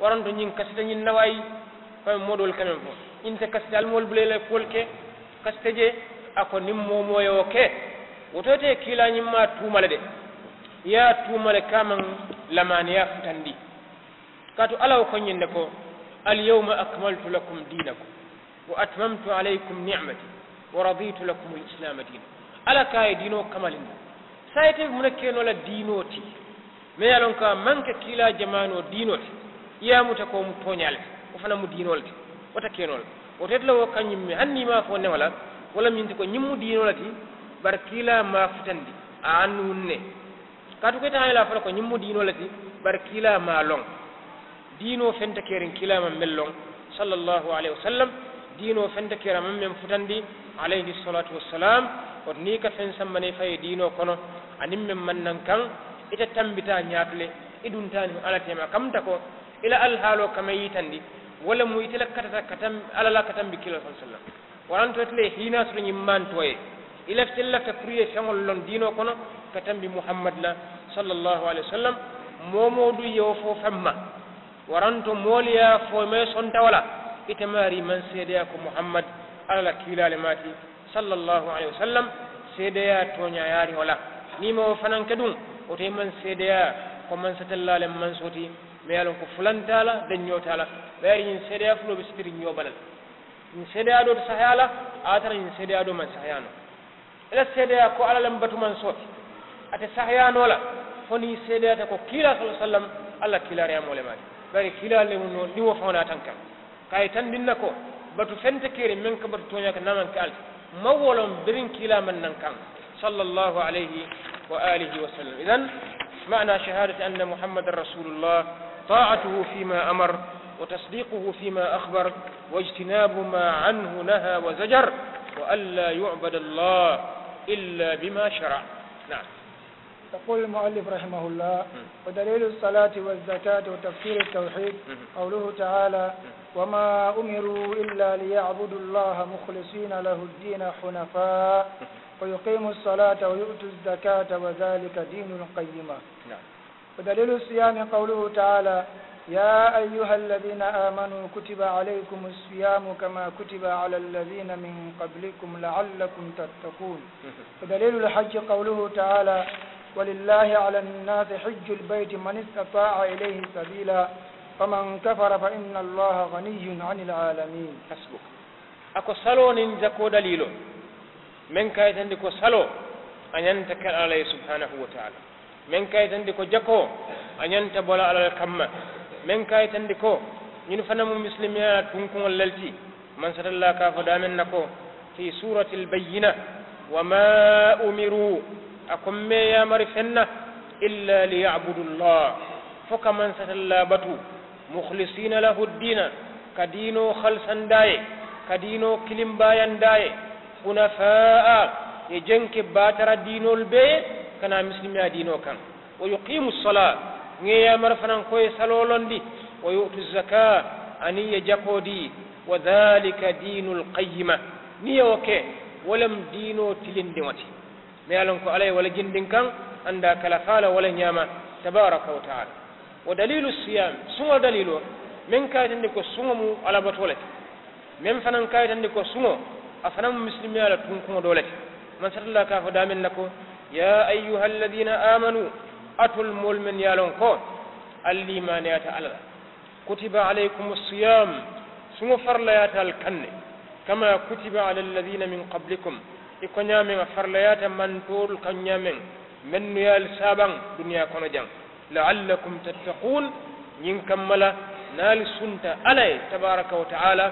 Speaker 2: waranto ñin kasita ñin nawayi fa moɗol kamen fo inte kasite almol bulele fol ke kasite je ako nin momoyowo ke wotoyte kilañimma tumale de ya tumale kaman ya futandi kato alaw koñinde ko yawma akmaltu lakum dinakum wa atmamtu alaykum ni'mati wa raditu lakum islam dina ala kaye dino kamalinda sayte muna la dinoti me yalon ka manke kila jamano dinoti yamuta ko mu toñale o fana mu diinolde wota kenol o tetla wo kañummi hanni ma fo newala wala minti ko ñimmu diinola ti bar ma futandi a annu wunne katu keta hayla fana ko ñimmu diinola ti ma long diino fenta keren kiilama mel long sallllahu alayhi wa fenta kera man futandi alayhi salatu wassalam oto ni ka fen sammane faye diino kono anin men mannan kan ita tambita ñaatule iɗum tani alate ma kamta ko ila alhaalo kama yitandi walla mo yitela katata katam alala katambi kila sa sallam waranto tele hina soto ñim mantoye ilaftella lafta pour ye feŋol lon diino kono katambi muhammad la sallallahu alayhi wa sallam momodu yewo fo femma waranto moolu ya foyme sontawala itemari man seedeya ko muhammad ala la kiilale maati sallallahu alayhi wa sallam seedeya toñayaari ola nima o fanan ke ɗum otoye man seedeya ko man satellale man soti ɓe yalon ko fulantala daññotala ɓeyata ñin seedeya fuloɓe sitiri ñobalal ñin seedeyaɗo to sahayala atara ñin seedeyaɗo man sahayano ela seedeya ko alalam batuman sooti ate sahayanola foni seedeyata ko kiila sa sallam allah kiilareyamole maade ɓayde kiilale no ndiwo fawna tan kam kaye tan ndinna ko batu fente keeri min ka batu toñaka namanke alta mawolon birin kiilaman nan kan sallallahu alayhi wa alihi wa sallam idan معنى شهادة أن محمد رسول الله طاعته فيما أمر وتصديقه فيما أخبر واجتناب ما عنه نهى وزجر وألا يعبد الله إلا بما شرع نعم
Speaker 3: يقول المؤلف رحمه الله ودليل الصلاة والزكاة وتفسير التوحيد قوله تعالى وما أمروا إلا ليعبدوا الله مخلصين له الدين حنفاء ويقيموا الصلاة ويؤتوا الزكاة وذلك دين القيمة ودليل الصيام قوله تعالى يا أيها الذين آمنوا كتب عليكم الصيام كما كتب على الذين من قبلكم لعلكم تتقون ودليل الحج قوله تعالى ولله على الناس حج البيت من استطاع إليه سبيلا فمن كفر فإن الله غني عن العالمين حسبك أكو صلو
Speaker 2: ننزكو دليل من كايتندكو صلو أن ينتكر عليه سبحانه وتعالى min kayitandi ko jako a ñanta bola alal kamma min kayitandi ko ñun fana mu misilimiya tunkuŋol lelti man satalla ka fo damen na ko fi surati albayina wama umiru a komme yamari fenna illa liyabudu llah fo ka man satalla batu mukhlisina lahu ddina ka diino halsandaye ka diino kilimbayandaye hunafaa ye jenke batara diinol bee kana misilimiya diino kan wa yuqimu sala ŋeyamara fanan koye salolondi wa yutu zaka ani ye jakodi wa dhalika dinu lqayima ni yewo ke wolem diino tilindiŋo ti ma ye lon ko alla ye wala jindin kan anda kala fala wala ñama tabaraka wa taala wa dalilu siyam suŋo dalilo min kayitandi ko suŋo mu alabato le ti min fanan kayitandi ko suŋo a fanaŋ misilimiya la tunkuŋo do le ti man satalla ka fo damin na ko يا أيها الذين آمنوا أتوا المؤمن يالونكون الإيمان يتعالى كتب عليكم الصيام سمو فرليات الكن كما كتب على الذين من قبلكم إكون يامن فرليات من طول كن يامن من يال سابان دنيا كون جان لعلكم تتقون ينكمل نال سنت علي تبارك وتعالى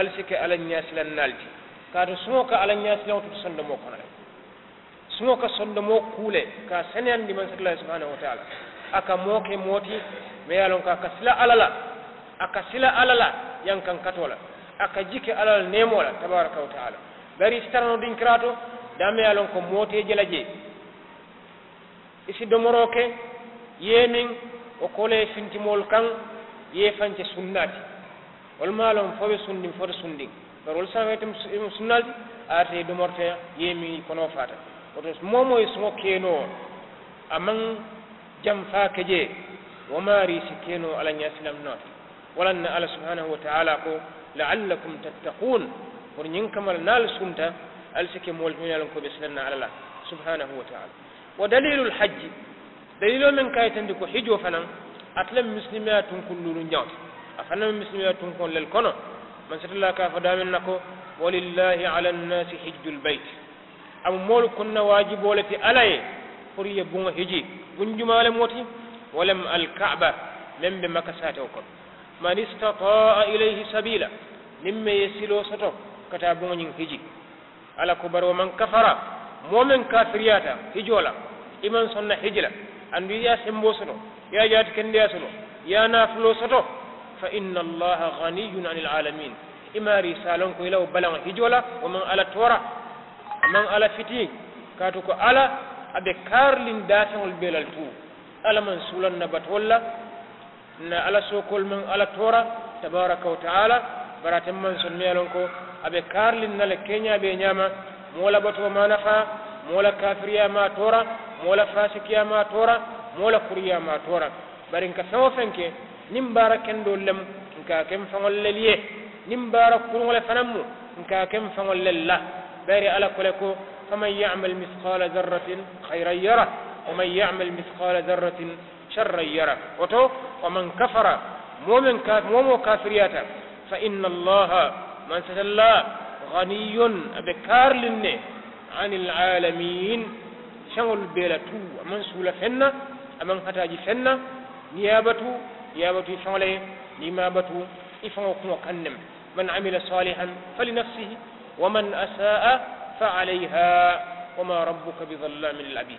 Speaker 2: ألسك على الناس لنالتي كاتو سموك على الناس لو تبسند موكنا suno ka sondomo kuule ka saniyandi man satilahi subhanahu wa taala aka mooke mooti ma ye lon ko aka sila alala aka sila alala yan kan katola aka jike alal nemola tabaraka wa taala bari sitarano ɗin kirato dame ye lon ko mooteje la je isi domoro ke yemin o kole fintimol kan ye fance sunnati wolma lon foɓe sundin foto sundin bari wol sanwetem sunnalti ate domorteya yemi kono fata وتس مومو يسمو كينو امان جم فاكجي وماري سكينو على نيسلم نوت ولن على سبحانه وتعالى قو لعلكم تتقون ورنينكم النال سمتا السكي مول فينا لكم بسلمنا على الله سبحانه وتعالى ودليل الحج دليل من كايتن ديكو حجو فنان اتلم مسلمات كن نور نيوت افنا مسلمات كن للكون من ستلا كاف دامن نكو ولله على الناس حج البيت am moolu konna waajiboole ti ala ye pour ye buŋo hiji gunjumaale mooti walam alkaaba meŋ be maka saate o kono man istataa ilayhi sabila niŋ me ye siloo soto ka taa buŋo ñiŋ hiji ala ko bari wo man kafara moo meŋ kafiriyaata hijoo la i maŋ sonna hiji la andu ye a semboo soto ye a jaati kendeya soto ye a naafuloo soto fa inna allaha ganiyun ani alalamin imaari saalon ko ilawo balaŋo hijoo la wo maŋ ala toora amman ala fiti kato ko ala abe karlin dataŋol belal tu ala man sulan nabat walla na ala sokol man ala tora tabaraka wa taala baraten man melon ko abe karlin kenya be nyama mola bato manafa mola kafriya ma tora mola fasikiya ma tora mola kuriya ma tora barin ka feŋo fenke nim baraken do lem ka kem fangol leliye nim barak baara kuruŋo ka kem fangol lella باري على كلكو فمن يعمل مثقال ذرة خيرا يره ومن يعمل مثقال ذرة شرا يره وتو ومن كفر مؤمن كافر مومو كافريات فإن الله من ستلا غني بكار لني عن العالمين شغل بيلتو ومن سولة فنة أمن هتاجي فنة نيابتو نيابتو يفعله نيابتو يفعله كنم من عمل صالحا فلنفسه ومن أساء فعليها وما ربك بظلام للعبيد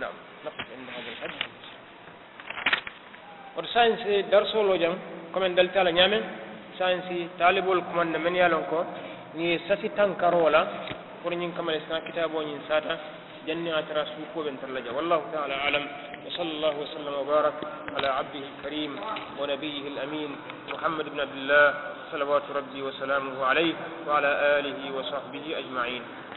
Speaker 2: نعم نقف عند هذا الحد woto sayansi darsolo jam komin dalti ala ñaamen sayansi taalibol kumanda men yalon ko ni sasi tankarola pour ñin kamale sina kitabo ñin sata janni a tara suukoɓen tarla ja wallahu taala alam wa sall allahu wasallam wa barak ala abdihi alkarim wa nabiyihi alamin muhammad ibne abdillah صلوات ربي وسلامه عليه وعلى آله وصحبه أجمعين